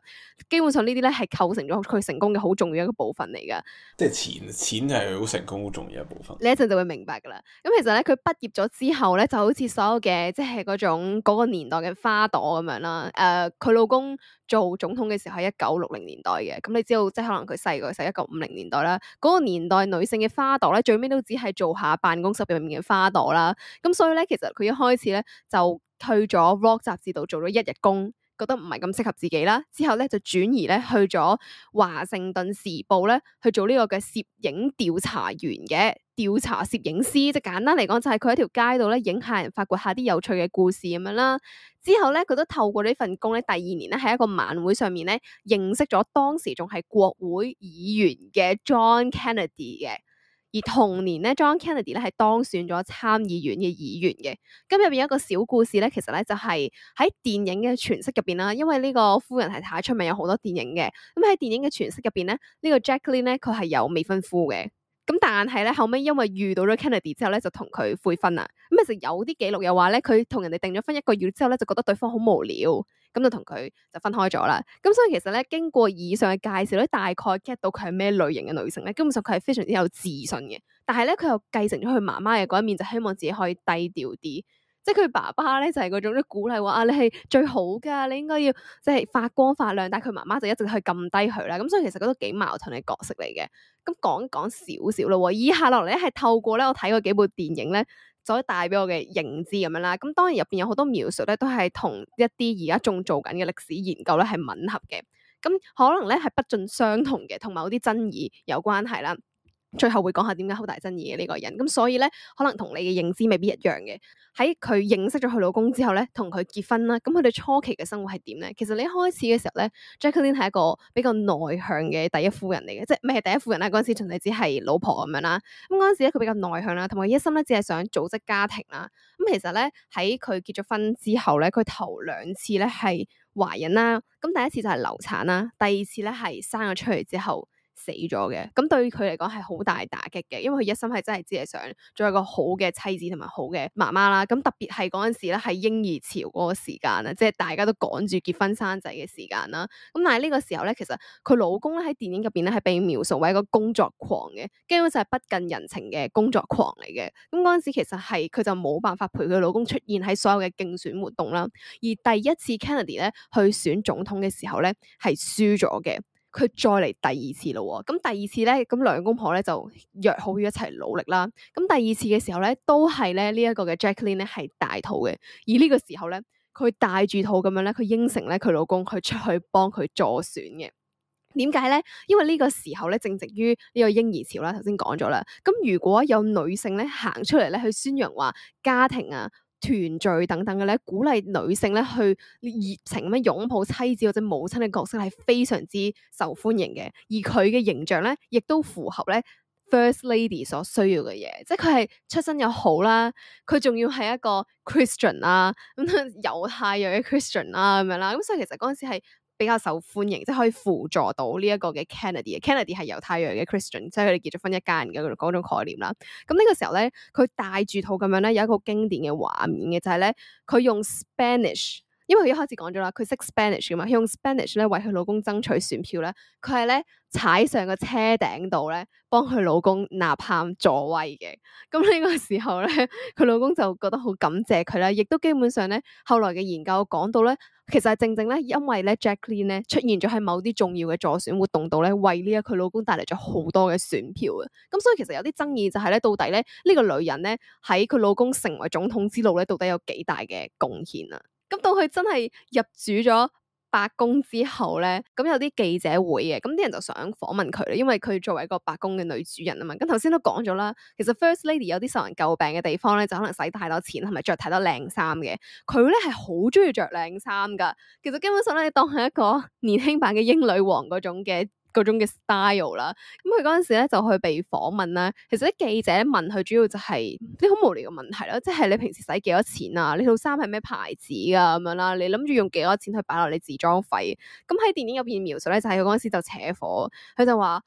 基本上呢啲咧係構成咗佢成功嘅好重要一個部分嚟㗎。即係錢，錢係好成功好重要一部分。你一陣就會明白㗎啦。咁其實咧，佢畢業咗之後咧，就好似所有嘅即係嗰種嗰個年代嘅花朵咁樣啦。誒，佢老公做總統嘅時候係一九六零年代嘅，咁你知道即係可能佢細個嘅時候，一九五零年代。啦，嗰個年代女性嘅花朵咧，最尾都只係做下辦公室入面嘅花朵啦。咁所以咧，其實佢一開始咧就去咗 Rock 雜誌度做咗一日工。覺得唔係咁適合自己啦，之後咧就轉移咧去咗華盛頓時報咧去做呢個嘅攝影調查員嘅調查攝影師，即係簡單嚟講就係佢喺條街度咧影下人，發掘下啲有趣嘅故事咁樣啦。之後咧佢都透過呢份工咧，第二年咧喺一個晚會上面咧認識咗當時仲係國會議員嘅 John Kennedy 嘅。而同年咧，John Kennedy 咧係當選咗參議院嘅議員嘅。咁入邊有一個小故事咧，其實咧就係、是、喺電影嘅詮釋入邊啦。因為呢個夫人係太出名，有好多電影嘅。咁、嗯、喺電影嘅詮釋入邊咧，這個、呢個 Jacqueline 咧佢係有未婚夫嘅。咁、嗯、但係咧後尾因為遇到咗 Kennedy 之後咧，就同佢悔婚啦。咁、嗯、其實有啲記錄又話咧，佢同人哋定咗婚一個月之後咧，就覺得對方好無聊。咁就同佢就分開咗啦。咁所以其實咧，經過以上嘅介紹咧，大概 get 到佢係咩類型嘅女性咧。基本上佢係非常之有自信嘅，但係咧佢又繼承咗佢媽媽嘅嗰一面，就希望自己可以低調啲。即係佢爸爸咧就係嗰種都鼓勵話啊，你係最好㗎，你應該要即係發光發亮。但係佢媽媽就一直去撳低佢啦。咁所以其實嗰都幾矛盾嘅角色嚟嘅。咁講講少少咯。以下落嚟咧係透過咧我睇過幾部電影咧。所以帶俾我嘅認知咁樣啦，咁當然入面有好多描述咧，都係同一啲而家仲做緊嘅歷史研究咧係吻合嘅，咁可能咧係不盡相同嘅，同某啲爭議有關係啦。最後會講下點解好大爭議嘅呢個人，咁所以咧，可能同你嘅認知未必一樣嘅。喺佢認識咗佢老公之後咧，同佢結婚啦。咁佢哋初期嘅生活係點咧？其實你一開始嘅時候咧，Jacqueline 係一個比較內向嘅第一夫人嚟嘅，即係咩？係第一夫人啦，嗰陣時仲係只係老婆咁樣啦。咁嗰陣時咧，佢比較內向啦，同埋一心咧只係想組織家庭啦。咁其實咧，喺佢結咗婚之後咧，佢頭兩次咧係懷孕啦，咁第一次就係流產啦，第二次咧係生咗出嚟之後，死咗嘅，咁對於佢嚟講係好大打擊嘅，因為佢一心係真係只係想做一個好嘅妻子同埋好嘅媽媽啦。咁特別係嗰陣時咧，係嬰兒潮嗰個時間啊，即係大家都趕住結婚生仔嘅時間啦。咁但係呢個時候咧，其實佢老公咧喺電影入邊咧係被描述為一個工作狂嘅，基本就係不近人情嘅工作狂嚟嘅。咁嗰陣時其實係佢就冇辦法陪佢老公出現喺所有嘅競選活動啦。而第一次 Kennedy 咧去選總統嘅時候咧係輸咗嘅。佢再嚟第二次咯喎，咁第二次咧，咁兩公婆咧就約好要一齊努力啦。咁第二次嘅時候咧，都係咧呢一個嘅 Jacqueline 咧係大肚嘅，而呢個時候咧，佢帶住肚咁樣咧，佢應承咧佢老公去出去幫佢助選嘅。點解咧？因為呢個時候咧正值於呢個嬰兒潮啦，頭先講咗啦。咁如果有女性咧行出嚟咧去宣揚話家庭啊。團聚等等嘅咧，鼓勵女性咧去熱情咁樣擁抱妻子或者母親嘅角色，係非常之受歡迎嘅，而佢嘅形象咧亦都符合咧 First Lady 所需要嘅嘢，即係佢係出身又好啦，佢仲要係一個 Christian 啦、啊、咁、嗯、猶太裔嘅 Christian 啦、啊、咁樣啦，咁所以其實嗰陣時係，比較受歡迎，即係可以輔助到呢一個嘅 Kennedy。Kennedy 係猶太人嘅 Christian，即係佢哋結咗婚一家人嘅嗰種概念啦。咁呢個時候咧，佢戴住套咁樣咧，有一個經典嘅畫面嘅，就係咧，佢用 Spanish。因為佢一開始講咗啦，佢識 Spanish 噶嘛，佢用 Spanish 咧為佢老公爭取選票咧，佢係咧踩上個車頂度咧幫佢老公吶喊助威嘅。咁、這、呢個時候咧，佢老公就覺得好感謝佢啦，亦都基本上咧後來嘅研究講到咧，其實正正咧因為咧 Jacqueline 咧出現咗喺某啲重要嘅助選活動度咧，為呢一佢老公帶嚟咗好多嘅選票啊。咁所以其實有啲爭議就係咧，到底咧呢、這個女人咧喺佢老公成為總統之路咧，到底有幾大嘅貢獻啊？咁到佢真係入主咗白宮之後咧，咁有啲記者會嘅，咁啲人就想訪問佢啦，因為佢作為一個白宮嘅女主人啊嘛。咁頭先都講咗啦，其實 First Lady 有啲受人詬病嘅地方咧，就可能使太多錢，係咪着太多靚衫嘅？佢咧係好中意着靚衫噶，其實基本上咧，你當係一個年輕版嘅英女王嗰種嘅。各種嘅 style 啦，咁佢嗰陣時咧就去被訪問啦。其實啲記者問佢主要就係啲好無聊嘅問題咯，即係你平時使幾多錢啊？你套衫係咩牌子㗎咁樣啦？你諗住用幾多錢去擺落你自裝費？咁喺電影入邊描述咧，就係佢嗰陣時就扯火，佢就話。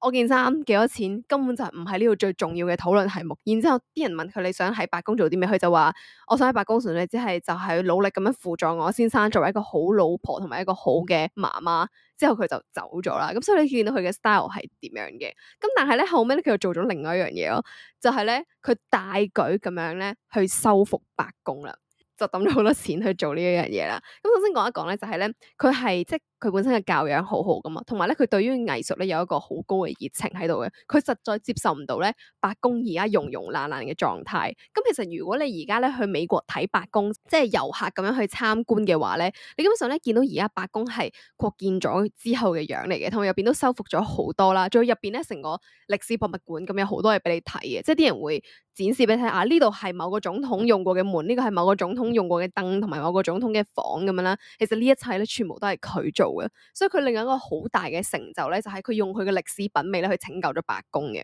我件衫幾多錢？根本就唔係呢個最重要嘅討論題目。然之後啲人問佢，你想喺白宮做啲咩？佢就話，我想喺白宮純粹只係就係努力咁樣輔助我先生，作為一個好老婆同埋一個好嘅媽媽。之後佢就走咗啦。咁所以你見到佢嘅 style 係點樣嘅？咁但係咧後尾咧佢又做咗另外一樣嘢咯，就係咧佢大舉咁樣咧去收復白宮啦，就抌咗好多錢去做呢一樣嘢啦。咁首先講一講咧，就係咧佢係即佢本身嘅教養好好噶嘛，同埋咧佢對於藝術咧有一個好高嘅熱情喺度嘅。佢實在接受唔到咧白宮而家融融爛爛嘅狀態。咁其實如果你而家咧去美國睇白宮，即係遊客咁樣去參觀嘅話咧，你基本上咧見到而家白宮係擴建咗之後嘅樣嚟嘅，同埋入邊都修復咗好多啦。仲要入邊咧成個歷史博物館咁，有好多嘢俾你睇嘅，即係啲人會展示俾你睇啊，呢度係某個總統用過嘅門，呢個係某個總統用過嘅燈，同埋某個總統嘅房咁樣啦。其實呢一切咧全部都係佢做。所以佢另外一個好大嘅成就咧，就係、是、佢用佢嘅歷史品味咧去拯救咗白宮嘅。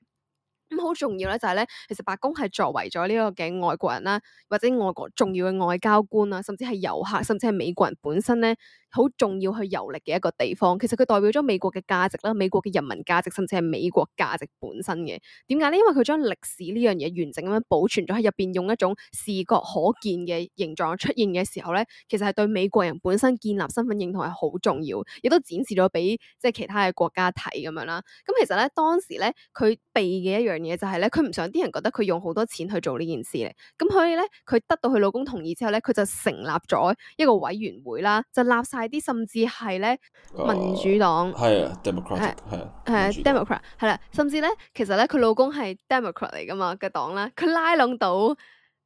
咁、嗯、好重要咧，就係咧，其實白宮係作為咗呢個嘅外國人啦，或者外國重要嘅外交官啊，甚至係遊客，甚至係美國人本身咧。好重要去遊歷嘅一個地方，其實佢代表咗美國嘅價值啦，美國嘅人民價值，甚至係美國價值本身嘅。點解咧？因為佢將歷史呢樣嘢完整咁樣保存咗喺入邊，用一種視覺可見嘅形狀出現嘅時候咧，其實係對美國人本身建立身份認同係好重要，亦都展示咗俾即係其他嘅國家睇咁樣啦。咁其實咧，當時咧，佢避嘅一樣嘢就係咧，佢唔想啲人覺得佢用好多錢去做呢件事嚟，咁所以咧，佢得到佢老公同意之後咧，佢就成立咗一個委員會啦，就拉曬。啲甚至係咧民，民主黨係啊，Democrat 係啊，係啊，Democrat 係啦，甚至咧，其實咧，佢老公係 Democrat 嚟噶嘛嘅黨啦，佢拉攏到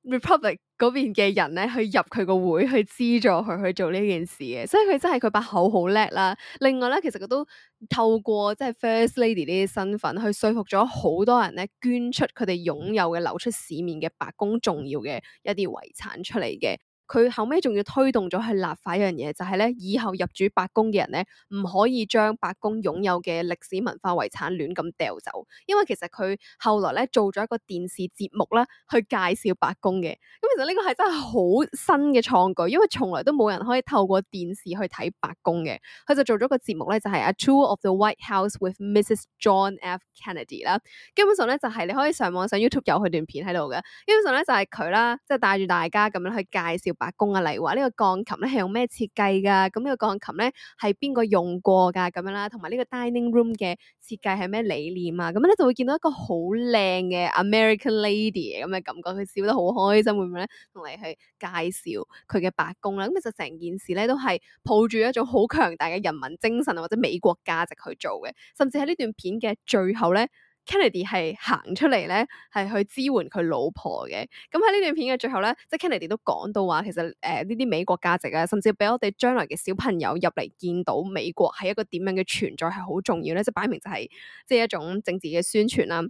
Republic 嗰邊嘅人咧去入佢個會去資助佢去做呢件事嘅，所以佢真係佢把口好叻啦。另外咧，其實佢都透過即係 First Lady 呢啲身份去說服咗好多人咧捐出佢哋擁有嘅流出市面嘅白宮重要嘅一啲遺產出嚟嘅。佢後尾仲要推動咗去立法一樣嘢，就係咧以後入主白宮嘅人咧，唔可以將白宮擁有嘅歷史文化遺產亂咁掉走。因為其實佢後來咧做咗一個電視節目啦，去介紹白宮嘅。咁其實呢個係真係好新嘅創舉，因為從來都冇人可以透過電視去睇白宮嘅。佢就做咗個節目咧，就係 A Tour of the White House with Mrs. John F. Kennedy 啦。基本上咧就係你可以上網上 YouTube 有佢段片喺度嘅。基本上咧就係佢啦，即係帶住大家咁樣去介紹。白宮啊，例如話呢個鋼琴咧係用咩設計噶？咁呢個鋼琴咧係邊個用過噶？咁樣啦，同埋呢個 dining room 嘅設計係咩理念啊？咁樣咧就會見到一個好靚嘅 American lady 咁嘅感覺，佢笑得好開心，會唔會咧同你去介紹佢嘅白宮啦？咁其實成件事咧都係抱住一種好強大嘅人民精神或者美國價值去做嘅，甚至喺呢段片嘅最後咧。Kennedy 係行出嚟咧，係去支援佢老婆嘅。咁喺呢段片嘅最後咧，即係 Kennedy 都講到話，其實誒呢啲美國價值啊，甚至俾我哋將來嘅小朋友入嚟見到美國係一個點樣嘅存在係好重要咧。即係擺明就係即係一種政治嘅宣傳啦。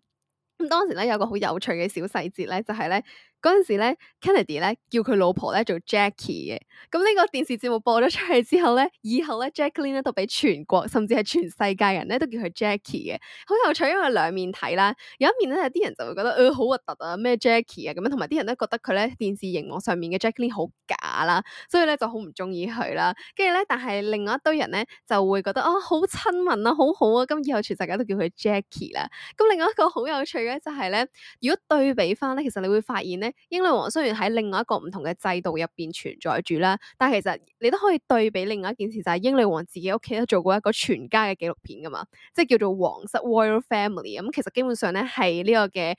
咁當時咧有個好有趣嘅小細節咧，就係咧。嗰陣時咧，Kennedy 咧叫佢老婆咧做 Jackie 嘅。咁、嗯、呢、呢個電視節目播咗出去之後咧，以後咧 Jacqueline 咧都俾全國甚至係全世界人咧都叫佢 Jackie 嘅。好有趣，因為兩面睇啦。有一面咧，有啲人就會覺得誒好核突啊，咩 Jackie 啊咁樣，同埋啲人都覺得佢咧電視熒幕上面嘅 Jackie 好假啦，所以咧就好唔中意佢啦。跟住咧，但係另外一堆人咧就會覺得啊好親民啊，好好啊，咁、嗯、以後全世界都叫佢 Jackie 啦。咁、嗯、另外一個好有趣嘅就係、是、咧，如果對比翻咧，其實你會發現咧。英女王雖然喺另外一個唔同嘅制度入邊存在住啦，但係其實你都可以對比另外一件事，就係、是、英女王自己屋企都做過一個全家嘅紀錄片噶嘛，即係叫做《皇室 Royal Family》、嗯，咁，其實基本上咧係呢個嘅。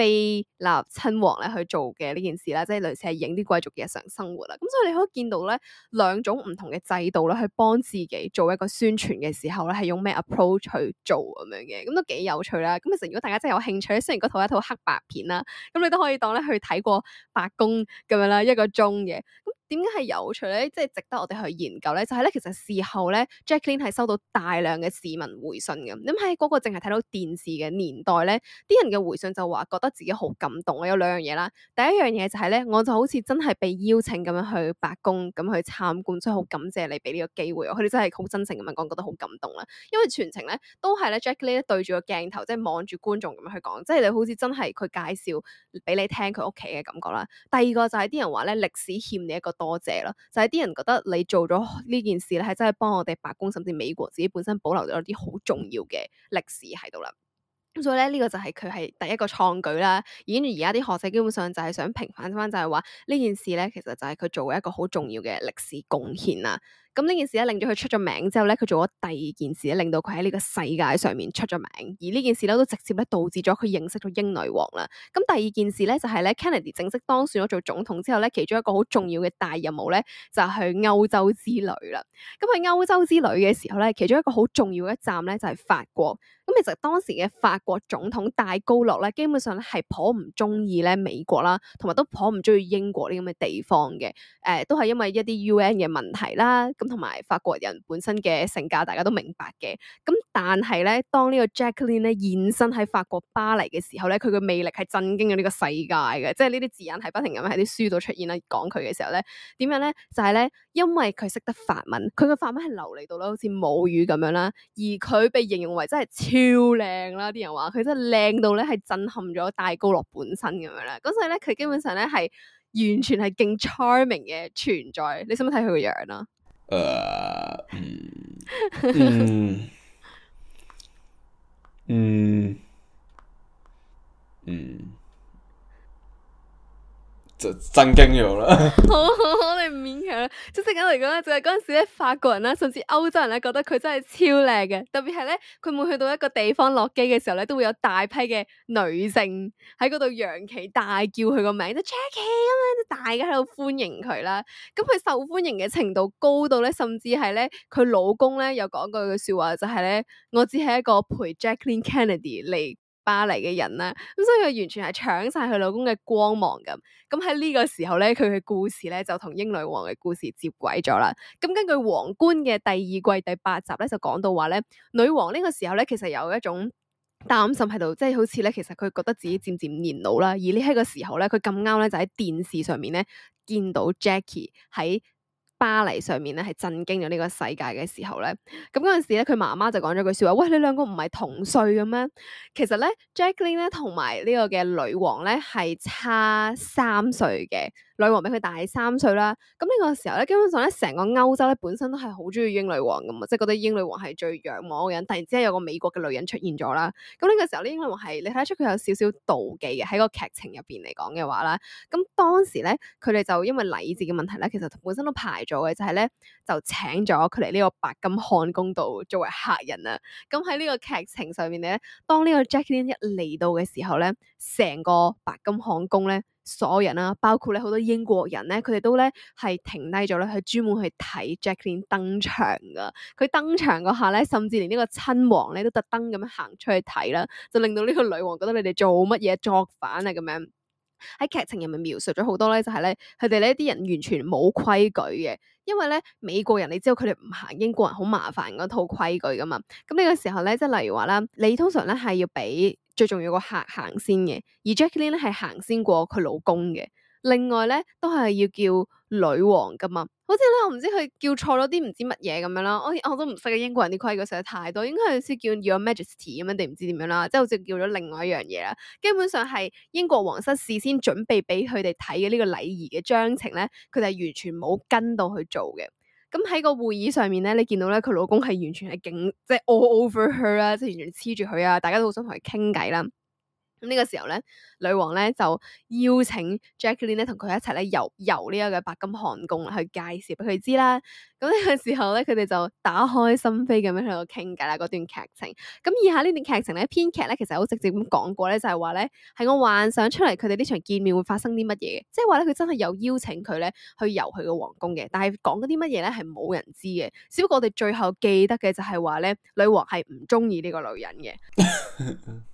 菲臘親王咧去做嘅呢件事啦，即係類似係影啲貴族嘅日常生活啦。咁所以你可以見到咧兩種唔同嘅制度咧，去幫自己做一個宣傳嘅時候咧，係用咩 approach 去做咁樣嘅，咁都幾有趣啦。咁其實如果大家真係有興趣咧，雖然嗰套係一套黑白片啦，咁你都可以當咧去睇過白宮咁樣啦，一個鐘嘅。點解係有趣咧？即係值得我哋去研究咧？就係咧，其實事後咧，Jacqueline 係收到大量嘅市民回信嘅。咁喺嗰個淨係睇到電視嘅年代咧，啲人嘅回信就話覺得自己好感動啊！有兩樣嘢啦，第一樣嘢就係咧，我就好似真係被邀請咁樣去白宮咁去參觀，所以好感謝你俾呢個機會。佢哋真係好真誠咁樣講，覺得好感動啦。因為全程咧都係咧，Jacqueline 對住個鏡頭，即係望住觀眾咁樣去講，即係你好似真係佢介紹俾你聽佢屋企嘅感覺啦。第二個就係啲人話咧，歷史欠你一個。多謝啦，就係、是、啲人覺得你做咗呢件事咧，係真係幫我哋白宮，甚至美國自己本身保留咗一啲好重要嘅歷史喺度啦。咁所以咧，呢、這個就係佢係第一個創舉啦。而跟住而家啲學者基本上就係想平反翻，就係話呢件事咧，其實就係佢做一個好重要嘅歷史貢獻啦。咁呢件事咧，令咗佢出咗名之後咧，佢做咗第二件事咧，令到佢喺呢個世界上面出咗名。而呢件事咧都直接咧導致咗佢認識咗英女王啦。咁第二件事咧就係咧，Kennedy 正式當選咗做總統之後咧，其中一個好重要嘅大任務咧就係去歐洲之旅啦。咁去歐洲之旅嘅時候咧，其中一個好重要嘅一站咧就係法國。咁其實當時嘅法國總統戴高樂咧，基本上咧係頗唔中意咧美國啦，同埋都頗唔中意英國呢啲咁嘅地方嘅，誒、呃、都係因為一啲 U.N. 嘅問題啦，咁同埋法國人本身嘅性格，大家都明白嘅。咁但係咧，當個呢個 Jacqueline 咧現身喺法國巴黎嘅時候咧，佢嘅魅力係震驚咗呢個世界嘅，即係呢啲字眼係不停咁喺啲書度出現啦，講佢嘅時候咧，點樣咧？就係、是、咧，因為佢識得法文，佢嘅法文係流利到咧，好似母語咁樣啦，而佢被形容為真係超靚啦！啲人話佢真係靚到咧，係震撼咗大高樂本身咁樣啦。咁所以咧，佢基本上咧係完全係勁 charming 嘅存在。你使唔使睇佢個樣啊？誒，uh, 嗯，嗯，嗯，嗯。就震驚咗啦！好，我哋唔勉強，即係點嚟講咧？就係嗰陣時咧，法國人啦，甚至歐洲人咧，覺得佢真係超靚嘅。特別係咧，佢每去到一個地方落機嘅時候咧，都會有大批嘅女性喺嗰度揚旗大叫佢個名，即 Jackie 咁樣，大家喺度歡迎佢啦。咁佢受歡迎嘅程度高到咧，甚至係咧，佢老公咧有講過句說話，就係咧，我只係一個陪 Jacqueline Kennedy 嚟。巴黎嘅人啦，咁所以佢完全係搶晒佢老公嘅光芒咁。咁喺呢個時候咧，佢嘅故事咧就同英女王嘅故事接軌咗啦。咁根據《皇冠》嘅第二季第八集咧，就講到話咧，女王呢個時候咧，其實有一種擔心喺度，即係好似咧，其實佢覺得自己漸漸年老啦。而呢一個時候咧，佢咁啱咧就喺電視上面咧見到 Jackie 喺。巴黎上面咧係震驚咗呢個世界嘅時候咧，咁嗰陣時咧佢媽媽就講咗句説話，喂，你兩個唔係同歲嘅咩？其實咧，Jacqueline 咧同埋呢，呢個嘅女王咧係差三歲嘅，女王比佢大三歲啦。咁呢個時候咧，基本上咧成個歐洲咧本身都係好中意英女王咁，即係覺得英女王係最仰望嗰個人。突然之間有個美國嘅女人出現咗啦，咁呢個時候咧，英女王係你睇得出佢有少少妒忌嘅喺個劇情入邊嚟講嘅話啦。咁當時咧佢哋就因為禮節嘅問題咧，其實本身都排。做嘅就係咧，就請咗佢嚟呢個白金漢宮度作為客人啊！咁喺呢個劇情上面咧，當呢個 Jackie 一嚟到嘅時候咧，成個白金漢宮咧，所有人啦、啊，包括咧好多英國人咧，佢哋都咧係停低咗啦，去專門去睇 Jackie 登場噶。佢登場嗰下咧，甚至連個親呢個親王咧都特登咁樣行出去睇啦，就令到呢個女王覺得你哋做乜嘢作反啊咁樣。喺劇情入面描述咗好多咧，就係咧佢哋呢啲人完全冇規矩嘅，因為咧美國人你知道佢哋唔行英國人好麻煩嗰套規矩噶嘛，咁呢個時候咧即係例如話啦，你通常咧係要畀最重要個客行先嘅，而 Jacqueline 咧係行先過佢老公嘅。另外咧，都係要叫女王噶嘛，好似咧我唔知佢叫錯咗啲唔知乜嘢咁樣啦。我我，我都唔識嘅英國人啲規矩實在太多，應該係先叫 Your Majesty 咁樣定唔知點樣啦，即係好似叫咗另外一樣嘢啦。基本上係英國皇室事先準備俾佢哋睇嘅呢個禮儀嘅章程咧，佢哋係完全冇跟到去做嘅。咁喺個會議上面咧，你見到咧佢老公係完全係勁，即係 all over her 啦，即係完全黐住佢啊，大家都好想同佢傾偈啦。咁呢個時候咧，女王咧就邀請 Jackie 咧同佢一齊咧遊遊呢個白金漢宮，去介紹俾佢知啦。咁、這、呢個時候咧，佢哋就打開心扉咁樣喺度傾偈啦。嗰段劇情，咁以下呢段劇情咧，編劇咧其實好直接咁講過咧，就係話咧係我幻想出嚟，佢哋呢場見面會發生啲乜嘢嘅，即係話咧佢真係有邀請佢咧去遊佢個皇宮嘅，但係講嗰啲乜嘢咧係冇人知嘅，只不過我哋最後記得嘅就係話咧，女王係唔中意呢個女人嘅。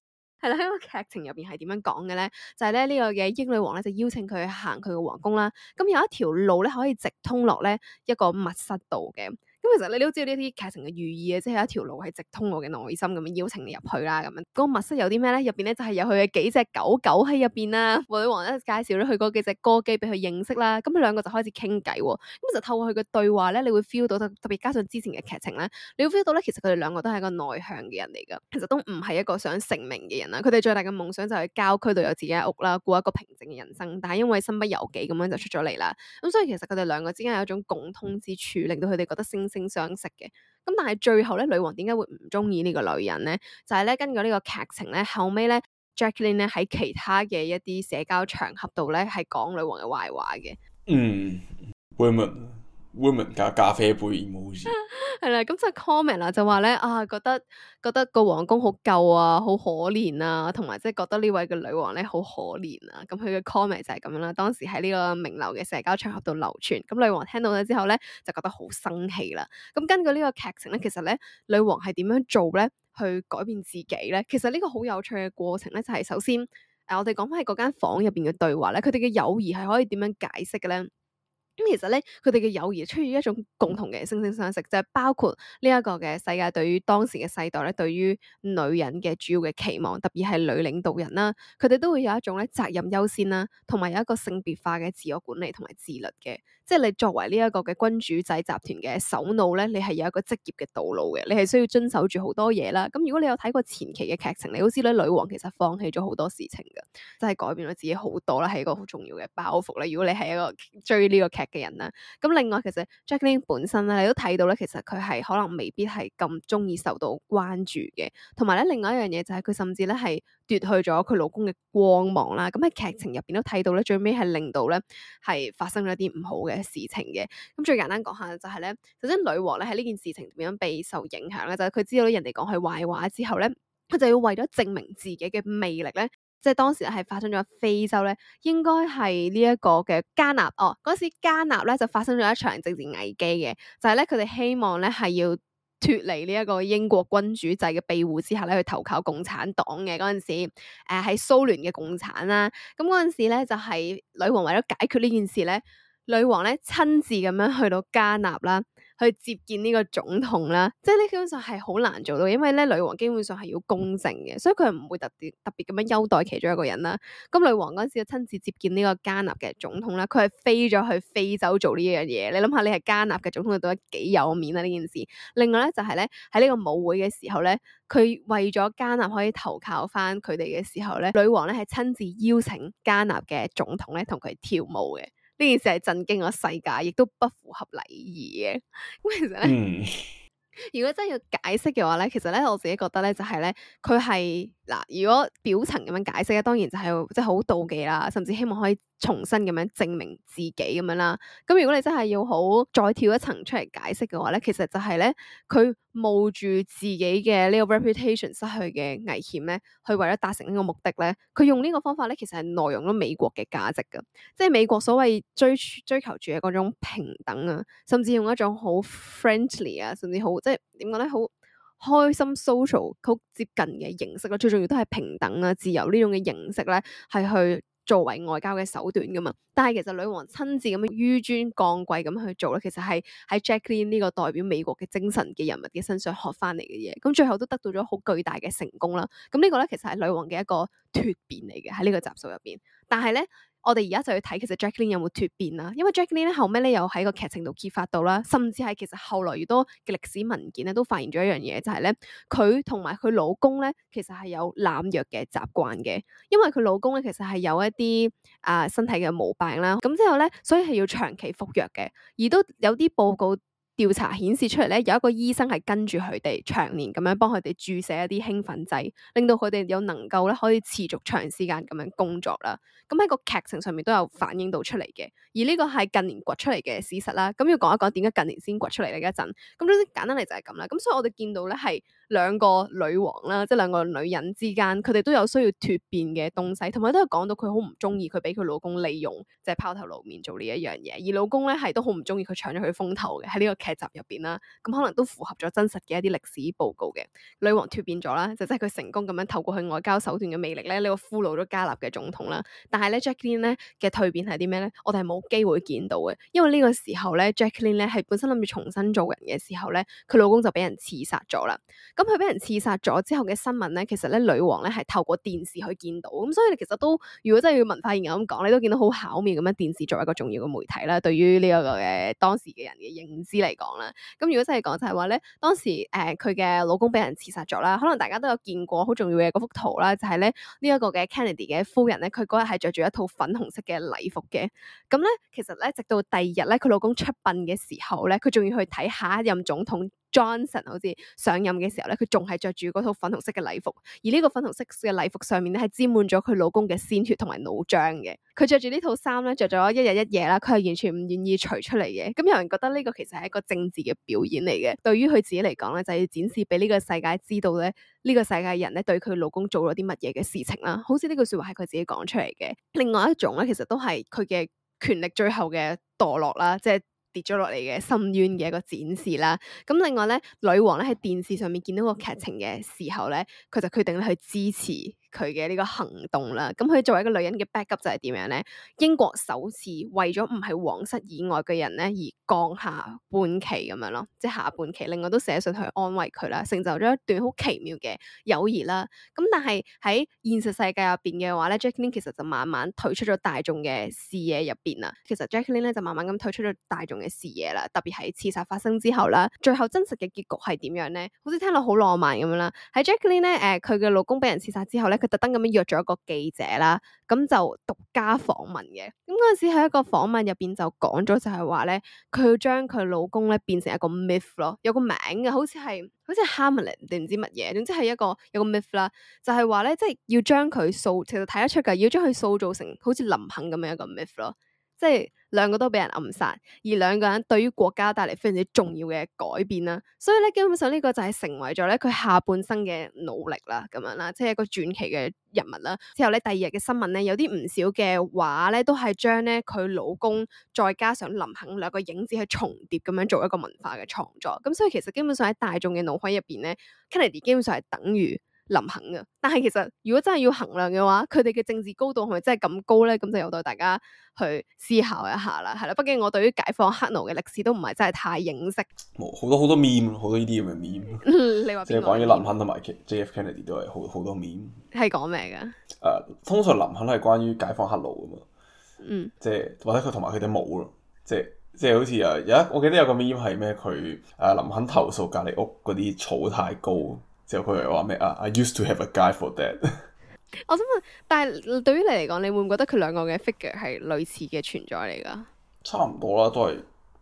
喺個劇情入邊，係點樣講嘅咧？就係咧呢個嘅英女王咧就邀請佢去行佢嘅皇宮啦。咁、嗯、有一條路咧可以直通落咧一個密室度嘅。咁其實你都知道呢啲劇情嘅寓意啊，即係一條路係直通我嘅內心咁樣，邀請你入去啦咁樣。嗰個密室有啲咩咧？入邊咧就係有佢嘅幾隻狗狗喺入邊啦。女王咧介紹咗佢嗰幾隻哥基俾佢認識啦。咁佢兩個就開始傾偈喎。咁就透過佢嘅對話咧，你會 feel 到，特特別加上之前嘅劇情咧，你會 feel 到咧，其實佢哋兩個都係一個內向嘅人嚟㗎。其實都唔係一個想成名嘅人啦。佢哋最大嘅夢想就係郊區度有自己嘅屋啦，過一個平靜嘅人生。但係因為身不由己咁樣就出咗嚟啦。咁所以其實佢哋兩個之間有一種共通之處，令到佢哋覺得惺惺正想食嘅，咁但係最後咧，女王點解會唔中意呢個女人咧？就係咧，根據呢個劇情咧，後尾咧，Jacqueline 咧喺其他嘅一啲社交場合度咧，係講女王嘅壞話嘅。嗯 w o 咖啡杯 e m o j 係啦，咁 就係 comment 啦，就話咧啊，覺得覺得個皇宮好舊啊，好可憐啊，同埋即係覺得呢位嘅女王咧好可憐啊，咁佢嘅 comment 就係咁樣啦。當時喺呢個名流嘅社交場合度流傳，咁女王聽到咗之後咧，就覺得好生氣啦。咁根據個劇呢個劇情咧，其實咧女王係點樣做咧去改變自己咧？其實呢個好有趣嘅過程咧，就係、是、首先誒，我哋講翻喺嗰間房入邊嘅對話咧，佢哋嘅友誼係可以點樣解釋嘅咧？咁其實呢，佢哋嘅友誼出於一種共同嘅惺惺相惜，就係、是、包括呢一個嘅世界對於當時嘅世代咧，對於女人嘅主要嘅期望，特別係女領導人啦，佢哋都會有一種咧責任優先啦，同埋有一個性別化嘅自我管理同埋自律嘅，即係你作為呢一個嘅君主制集團嘅首腦咧，你係有一個職業嘅道路嘅，你係需要遵守住好多嘢啦。咁如果你有睇過前期嘅劇情，你好知呢女王其實放棄咗好多事情嘅，真係改變咗自己好多啦，係一個好重要嘅包袱啦。如果你係一個追呢個劇嘅人啦，咁另外其實 Jacqueline 本身咧，你都睇到咧，其實佢係可能未必係咁中意受到關注嘅，同埋咧另外一樣嘢就係、是、佢甚至咧係奪去咗佢老公嘅光芒啦。咁喺劇情入邊都睇到咧，最尾係令到咧係發生咗一啲唔好嘅嘅事情嘅，咁最簡單講下就係、是、咧，首先女王咧喺呢件事情點樣被受影響咧，就係、是、佢知道人哋講佢壞話之後咧，佢就要為咗證明自己嘅魅力咧，即、就、係、是、當時係發生咗非洲咧，應該係呢一個嘅加納哦，嗰時加納咧就發生咗一場政治危機嘅，就係咧佢哋希望咧係要脫離呢一個英國君主制嘅庇護之下咧去投靠共產黨嘅，嗰陣時誒喺蘇聯嘅共產啦，咁嗰陣時咧就係女王為咗解決呢件事咧。女王咧親自咁樣去到加納啦，去接見呢個總統啦，即係呢基本上係好難做到，因為咧女王基本上係要公正嘅，所以佢唔會特別特別咁樣優待其中一個人啦。咁、嗯、女王嗰陣時就親自接見呢個加納嘅總統啦，佢係飛咗去非洲做呢樣嘢。你諗下，你係加納嘅總統，你到底幾有面啊呢件事？另外咧就係咧喺呢個舞會嘅時候咧，佢為咗加納可以投靠翻佢哋嘅時候咧，女王咧係親自邀請加納嘅總統咧同佢跳舞嘅。呢件事係震驚咗個世界，亦都不符合禮儀嘅 呢、嗯、如果真的要解釋嘅話呢，其實呢，我自己覺得呢就係、是、呢，佢係。嗱，如果表層咁樣解釋咧，當然就係即係好妒忌啦，甚至希望可以重新咁樣證明自己咁樣啦。咁如果你真係要好再跳一層出嚟解釋嘅話咧，其實就係咧，佢冒住自己嘅呢個 reputation 失去嘅危險咧，去為咗達成呢個目的咧，佢用呢個方法咧，其實係挪用咗美國嘅價值㗎，即係美國所謂追追求住嘅嗰種平等啊，甚至用一種好 friendly 啊，甚至好即係點講咧好。開心 social 好接近嘅形式啦，最重要都係平等啦，自由呢種嘅形式咧，係去作為外交嘅手段噶嘛。但係其實女王親自咁樣紆尊降貴咁去做咧，其實係喺 Jackie 呢個代表美國嘅精神嘅人物嘅身上學翻嚟嘅嘢。咁、嗯、最後都得到咗好巨大嘅成功啦。咁、嗯這個、呢個咧其實係女王嘅一個脫變嚟嘅喺呢個集數入邊。但係咧。我哋而家就去睇其實 Jacqueline 有冇脫變啦，因為 Jacqueline 咧後尾咧又喺個劇情度揭發到啦，甚至係其實後來越多嘅歷史文件咧都發現咗一樣嘢，就係咧佢同埋佢老公咧其實係有濫藥嘅習慣嘅，因為佢老公咧其實係有一啲啊、呃、身體嘅毛病啦，咁之後咧所以係要長期服藥嘅，而都有啲報告。調查顯示出嚟咧，有一個醫生係跟住佢哋長年咁樣幫佢哋注射一啲興奮劑，令到佢哋有能夠咧可以持續長時間咁樣工作啦。咁喺個劇情上面都有反映到出嚟嘅。而呢個係近年掘出嚟嘅事實啦。咁要講一講點解近年先掘出嚟呢一陣咁，簡單嚟就係咁啦。咁所以我哋見到咧係。兩個女王啦，即係兩個女人之間，佢哋都有需要蛻變嘅東西，同埋都係講到佢好唔中意佢俾佢老公利用，即係拋頭露面做呢一樣嘢。而老公咧係都好唔中意佢搶咗佢風頭嘅。喺呢個劇集入邊啦。咁可能都符合咗真實嘅一啲歷史報告嘅。女王蛻變咗啦，就即係佢成功咁樣透過去外交手段嘅魅力咧，呢個俘虜咗加納嘅總統啦。但係咧，Jackie 咧嘅蛻變係啲咩咧？我哋係冇機會見到嘅，因為呢個時候咧，Jackie 咧係本身諗住重新做人嘅時候咧，佢老公就俾人刺殺咗啦。咁佢俾人刺殺咗之後嘅新聞咧，其實咧，女王咧係透過電視去見到，咁所以其實都如果真係要文化研究咁講，你都見到好巧妙咁樣電視作為一個重要嘅媒體啦，對於呢一個嘅、呃、當時嘅人嘅認知嚟講啦。咁如果真係講就係話咧，當時誒佢嘅老公俾人刺殺咗啦，可能大家都有見過好重要嘅嗰幅圖啦，就係、係、咧呢一、呢個嘅 Kennedy 嘅夫人咧，佢嗰日係着住一套粉紅色嘅禮服嘅。咁咧其實咧，直到第二日咧，佢老公出殯嘅時候咧，佢仲要去睇下一任總統。Johnson 好似上任嘅時候咧，佢仲係着住嗰套粉紅色嘅禮服，而呢個粉紅色嘅禮服上面咧係沾滿咗佢老公嘅鮮血同埋腦漿嘅。佢着住呢套衫咧，着咗一日一夜啦，佢係完全唔願意除出嚟嘅。咁有人覺得呢個其實係一個政治嘅表演嚟嘅，對於佢自己嚟講咧，就係要展示俾呢個世界知道咧，呢個世界人咧對佢老公做咗啲乜嘢嘅事情啦。好似呢句說話係佢自己講出嚟嘅。另外一種咧，其實都係佢嘅權力最後嘅墮落啦，即係。跌咗落嚟嘅深淵嘅一個展示啦，咁另外咧，女王咧喺電視上面見到個劇情嘅時候咧，佢就決定咧去支持。佢嘅呢個行動啦，咁佢作為一個女人嘅 back up 就係點樣咧？英國首次為咗唔係皇室以外嘅人咧而降下半旗咁樣咯，即係下半旗。另外都寫信去安慰佢啦，成就咗一段好奇妙嘅友誼啦。咁但係喺現實世界入邊嘅話咧，Jacqueline 其實就慢慢退出咗大眾嘅視野入邊啦。其實 Jacqueline 咧就慢慢咁退出咗大眾嘅視野啦，特別係刺殺發生之後啦。最後真實嘅結局係點樣咧？好似聽落好浪漫咁樣啦。喺 Jacqueline 咧，誒佢嘅老公俾人刺殺之後咧。特登咁樣約咗一個記者啦，咁就獨家訪問嘅。咁嗰陣時喺一個訪問入邊就講咗，就係話咧，佢要將佢老公咧變成一個 myth 咯，有個名嘅，好似係，好似 Harmony 定唔知乜嘢，總之係一個有個 myth 啦，就係話咧，即係要將佢塑，其實睇得出噶，要將佢塑造成好似林肯咁樣一個 myth 咯。即係兩個都俾人暗殺，而兩個人對於國家帶嚟非常之重要嘅改變啦。所以咧，基本上呢個就係成為咗咧佢下半生嘅努力啦，咁樣啦，即係一個傳奇嘅人物啦。之後咧，第二日嘅新聞咧，有啲唔少嘅話咧，都係將咧佢老公再加上林肯兩個影子去重疊咁樣做一個文化嘅創作。咁、嗯、所以其實基本上喺大眾嘅腦海入邊咧，Kennedy 基本上係等於。林肯啊，但係其實如果真係要衡量嘅話，佢哋嘅政治高度係咪真係咁高咧？咁就有待大家去思考一下啦，係啦。畢竟我對於解放黑奴嘅歷史都唔係真係太認識。冇好多好多 meme 好多呢啲咁嘅 meme。meme 你話即係關於林肯同埋 J F Kennedy 都係好好多 meme，e m 係講咩噶？誒，uh, 通常林肯係關於解放黑奴噶嘛？嗯。即係或者佢同埋佢哋冇咯，即係即係好似啊，有一我記得有個 meme 係咩？佢誒林肯投訴隔籬屋嗰啲草太高。之後佢話咩啊？I used to have a guy for that。我想問，但係對於你嚟講，你會唔會覺得佢兩個嘅 figure 係類似嘅存在嚟㗎？差唔多啦，都係。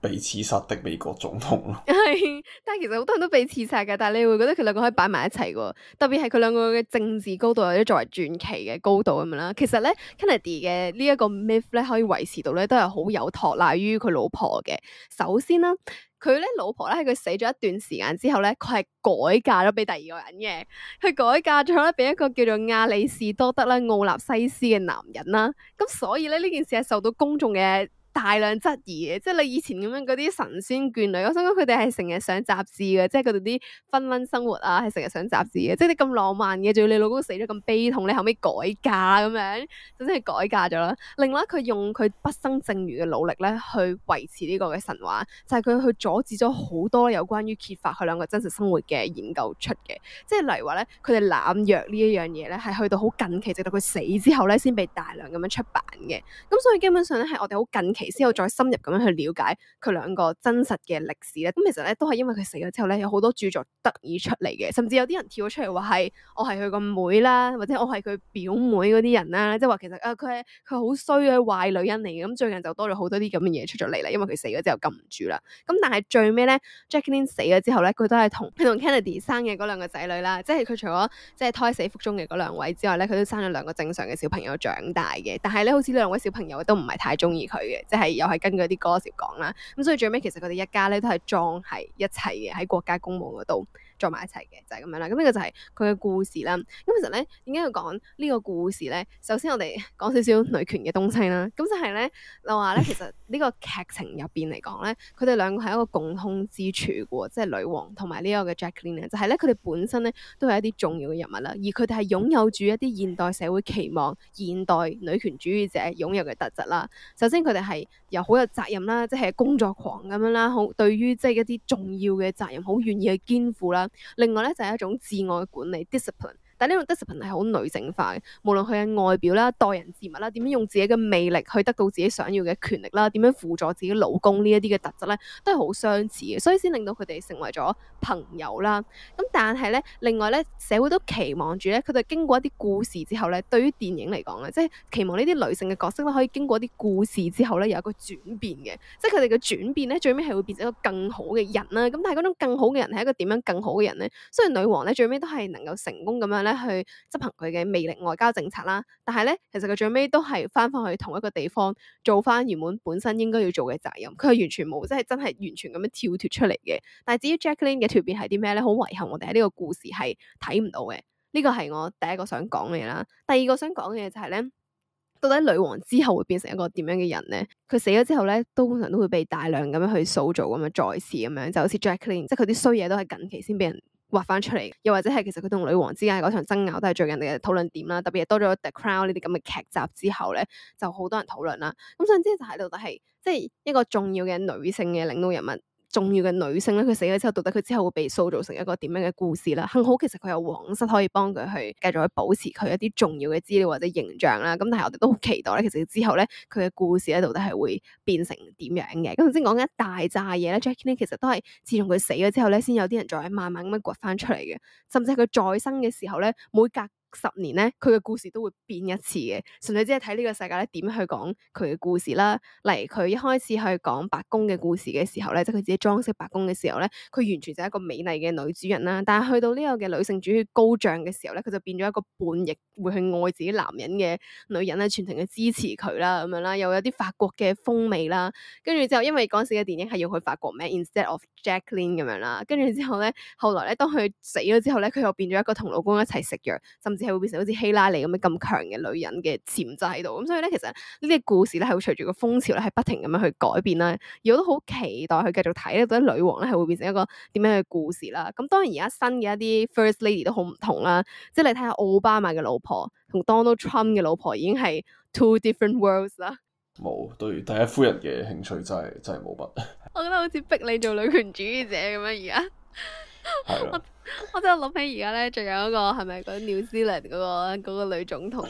被刺殺的美國總統咯，係， 但係其實好多人都被刺殺嘅，但係你會覺得佢兩個可以擺埋一齊嘅喎，特別係佢兩個嘅政治高度或者作為傳奇嘅高度咁樣啦。其實咧，Kennedy 嘅呢一個 myth 咧可以維持到咧，都係好有托賴於佢老婆嘅。首先啦，佢咧老婆咧喺佢死咗一段時間之後咧，佢係改嫁咗俾第二個人嘅，佢改嫁咗咧俾一個叫做亞里士多德啦奧納西斯嘅男人啦。咁所以咧呢件事係受到公眾嘅大量質疑嘅，即係你以前咁樣嗰啲神仙眷侶，我想講佢哋係成日上雜誌嘅，即係佢哋啲婚姻生活啊，係成日上雜誌嘅，即係你咁浪漫嘅，仲要你老公死咗咁悲痛，你後尾改嫁咁樣，就真係改嫁咗啦，另外，佢用佢畢生剩餘嘅努力咧，去維持呢個嘅神話，就係佢去阻止咗好多有關於揭發佢兩個真實生活嘅研究出嘅，即係例如話咧，佢哋濫藥呢一樣嘢咧，係去到好近期，直到佢死之後咧，先被大量咁樣出版嘅，咁所以基本上咧，係我哋好近期。先有再深入咁樣去了解佢兩個真實嘅歷史咧，咁、嗯、其實咧都係因為佢死咗之後咧，有好多著作得以出嚟嘅，甚至有啲人跳咗出嚟話係我係佢個妹啦，或者我係佢表妹嗰啲人啦，即係話其實啊佢係佢好衰嘅壞女人嚟嘅，咁、嗯、最近就多咗好多啲咁嘅嘢出咗嚟咧，因為佢死咗之後禁唔住啦。咁、嗯、但係最尾咧 Jacqueline 死咗之後咧，佢都係同佢同 Kennedy 生嘅嗰兩個仔女啦，即係佢除咗即係胎死腹中嘅嗰兩位之外咧，佢都生咗兩個正常嘅小朋友長大嘅，但係咧好似兩位小朋友都唔係太中意佢嘅。即係又係根據嗰啲歌詞講啦，咁所以最尾其實佢哋一家咧都係葬喺一齊嘅，喺國家公墓嗰度。做埋一齊嘅就係、是、咁樣啦，咁、這、呢個就係佢嘅故事啦。咁其實咧，點解要講呢個故事咧？首先我哋講少少女權嘅東西啦。咁即係咧，話咧其實呢個劇情入邊嚟講咧，佢哋兩個係一個共通之處嘅，即係女王同埋呢個嘅 Jacqueline，就係咧佢哋本身咧都係一啲重要嘅人物啦。而佢哋係擁有住一啲現代社會期望、現代女權主義者擁有嘅特質啦。首先佢哋係又好有責任啦，即、就、係、是、工作狂咁樣啦，好對於即係一啲重要嘅責任好願意去肩負啦。另外呢就係一種自我管理 （discipline）。但呢種 discipline 係好女性化嘅，無論佢嘅外表啦、待人接物啦、點樣用自己嘅魅力去得到自己想要嘅權力啦、點樣輔助自己老公呢一啲嘅特質咧，都係好相似嘅，所以先令到佢哋成為咗朋友啦。咁但係呢，另外呢，社會都期望住呢，佢哋經過一啲故事之後呢，對於電影嚟講呢，即係期望呢啲女性嘅角色咧，可以經過一啲故事之後呢，有一個轉變嘅，即係佢哋嘅轉變呢，最尾係會變成一個更好嘅人啦、啊。咁但係嗰種更好嘅人係一個點樣更好嘅人呢？雖然女王呢，最尾都係能夠成功咁樣。咧去執行佢嘅魅力外交政策啦，但係咧，其實佢最尾都係翻翻去同一個地方做翻原本本身應該要做嘅責任，佢係完全冇即係真係完全咁樣跳脫出嚟嘅。但係至於 Jacqueline 嘅蛻變係啲咩咧？好遺憾我哋喺呢個故事係睇唔到嘅。呢、呢個係我第一個想講嘅嘢啦。第二個想講嘅嘢就係、係、咧，到底女王之後會變成一個點樣嘅人咧？佢死咗之後咧，都通常都會被大量咁樣去塑造咁樣再試咁樣，就好似 Jacqueline 即係佢啲衰嘢都係近期先俾人。畫翻出嚟，又或者係其實佢同女王之間嗰場爭拗都係最近嘅討論點啦，特別係多咗 The Crown 呢啲咁嘅劇集之後咧，就好多人討論啦。咁上次就喺度就係，即係一個重要嘅女性嘅領導人物。重要嘅女性咧，佢死咗之後，到底佢之後會被塑造成一個點樣嘅故事咧？幸好其實佢有皇室可以幫佢去繼續去保持佢一啲重要嘅資料或者形象啦。咁但係我哋都好期待咧，其實之後咧佢嘅故事咧到底係會變成點樣嘅？咁頭先講緊一大扎嘢咧，Jackie 其實都係自從佢死咗之後咧，先有啲人再慢慢咁樣掘翻出嚟嘅，甚至係佢再生嘅時候咧，每隔十年咧，佢嘅故事都會變一次嘅，純粹只係睇呢個世界咧點去講佢嘅故事啦。例如佢一開始去講白宮嘅故事嘅時候咧，即係佢自己裝飾白宮嘅時候咧，佢完全就係一個美麗嘅女主人啦。但係去到呢個嘅女性主義高漲嘅時候咧，佢就變咗一個叛逆，會去愛自己男人嘅女人啦，全程去支持佢啦咁樣啦，又有啲法國嘅風味啦。跟住之後，因為嗰時嘅電影係要去法國名 instead of Jacqueline 咁樣啦。跟住之後咧，後來咧，當佢死咗之後咧，佢又變咗一個同老公一齊食藥，甚至。係會變成好似希拉里咁樣咁強嘅女人嘅潛質在喺度，咁所以咧，其實呢啲故事咧係會隨住個風潮咧係不停咁樣去改變啦，而我都好期待去繼續睇咧，到底女王咧係會變成一個點樣嘅故事啦。咁、嗯、當然而家新嘅一啲 First Lady 都好唔同啦，即係你睇下奧巴馬嘅老婆同 Donald Trump 嘅老婆已經係 two different worlds 啦。冇對第一夫人嘅興趣真係真係冇乜。 我覺得好似逼你做女權主義者咁樣而家。 我我真係諗起而家咧，仲有一個係咪嗰個紐西蘭嗰個、嗰個女總統？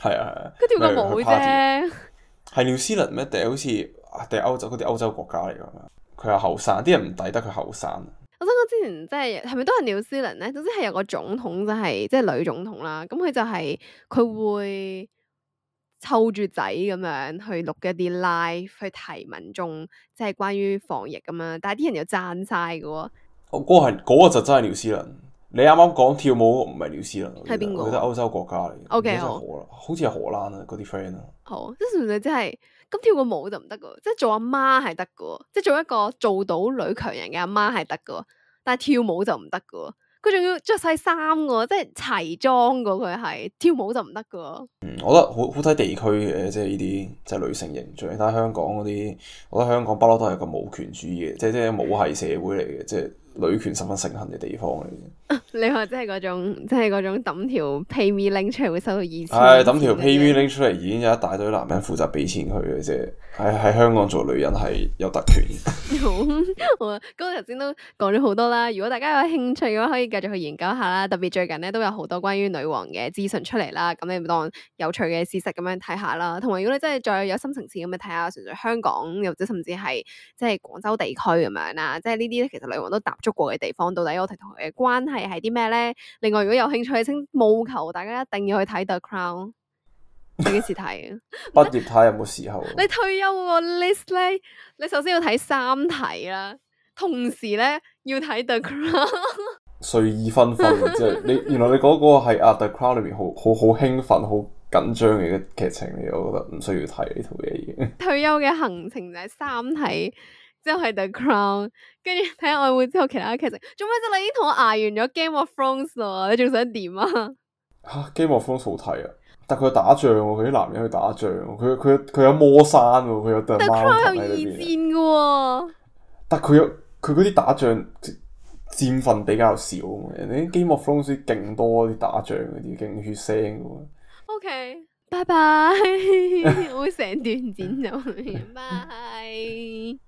係啊係啊，佢跳 個舞啫。係紐 西蘭咩？定係好似定係歐洲嗰啲歐洲國家嚟噶？佢係後生，啲人唔抵得佢後生。我想講之前即係係咪都係紐西蘭咧？總之係有個總統，就係即係女總統啦。咁、嗯、佢就係、是、佢會湊住仔咁樣去錄一啲 live，去提民眾，即、就、係、是、關於防疫咁樣。但係啲人又讚晒噶。嗰個係嗰、嗰個就真係廖絲人，你啱啱講跳舞唔係廖絲人，係邊個？我覺得歐誰洲國家嚟，O K 好似係荷蘭啊，嗰啲 friend 啊，好，即係唔係真係，咁、就係、跳個舞就唔得噶，即係做阿媽係得噶，即係做一個做到女強人嘅阿媽係得噶，但係跳舞就唔得噶，佢仲要着晒衫噶，即係齊裝噶，佢係跳舞就唔得噶。嗯，我覺得好好睇地區嘅，即係呢啲即係女性形象。但係香港嗰啲，我覺得香港不嬲都係個母權主義嘅、嗯，即係即係母系社會嚟嘅，即係。女權十分盛行嘅地方嚟嘅，你話即係嗰種，即係嗰種抌條 PayMe link 出嚟會收到意見，係抌、哎、條 PayMe link 出嚟已經有一大堆男人負責俾錢佢嘅啫。喺、哎、香港做女人係有特權 好。好、啊，咁頭先都講咗好多啦。如果大家有興趣嘅話，可以繼續去研究下啦。特別最近咧都有好多關於女王嘅資訊出嚟啦。咁你咪當有趣嘅事實咁樣睇下啦。同埋如果你真係再有深層次咁，咪睇下純粹香港又或者甚至係即係廣州地區咁樣啦。即係呢啲其實女王都踏出過嘅地方，到底我哋同佢嘅關係係啲咩咧？另外如果有興趣，請、就是、務求大家一定要去睇 The Crown。你幾時睇啊？畢業睇有冇時候？ 你退休個 list 咧，你首先要睇三體啦，同時咧要睇 The Crown。 睡意紛紛，即、就、係、是、你原來你嗰個係啊 The Crown 裏面好好好興奮、好緊張嘅一劇情，嚟。我覺得唔需要睇呢套嘢？ 退休嘅行程就係三體。即係 The Crown，跟住睇下我會之後其他劇集。做咩啫？你已經同我挨完咗 Game of Thrones 你仲想點啊？吓、啊、Game of Thrones 好睇啊，但佢打仗、啊，佢啲男人去打仗、啊，佢佢佢有魔山、啊，佢有 The,、啊、The Crown 有二戰噶。但佢有佢嗰啲打仗戰份比較少、啊，人哋 Game of Thrones 勁多啲打仗啲勁血腥噶、啊。OK，拜拜，我會成段剪咗佢，拜。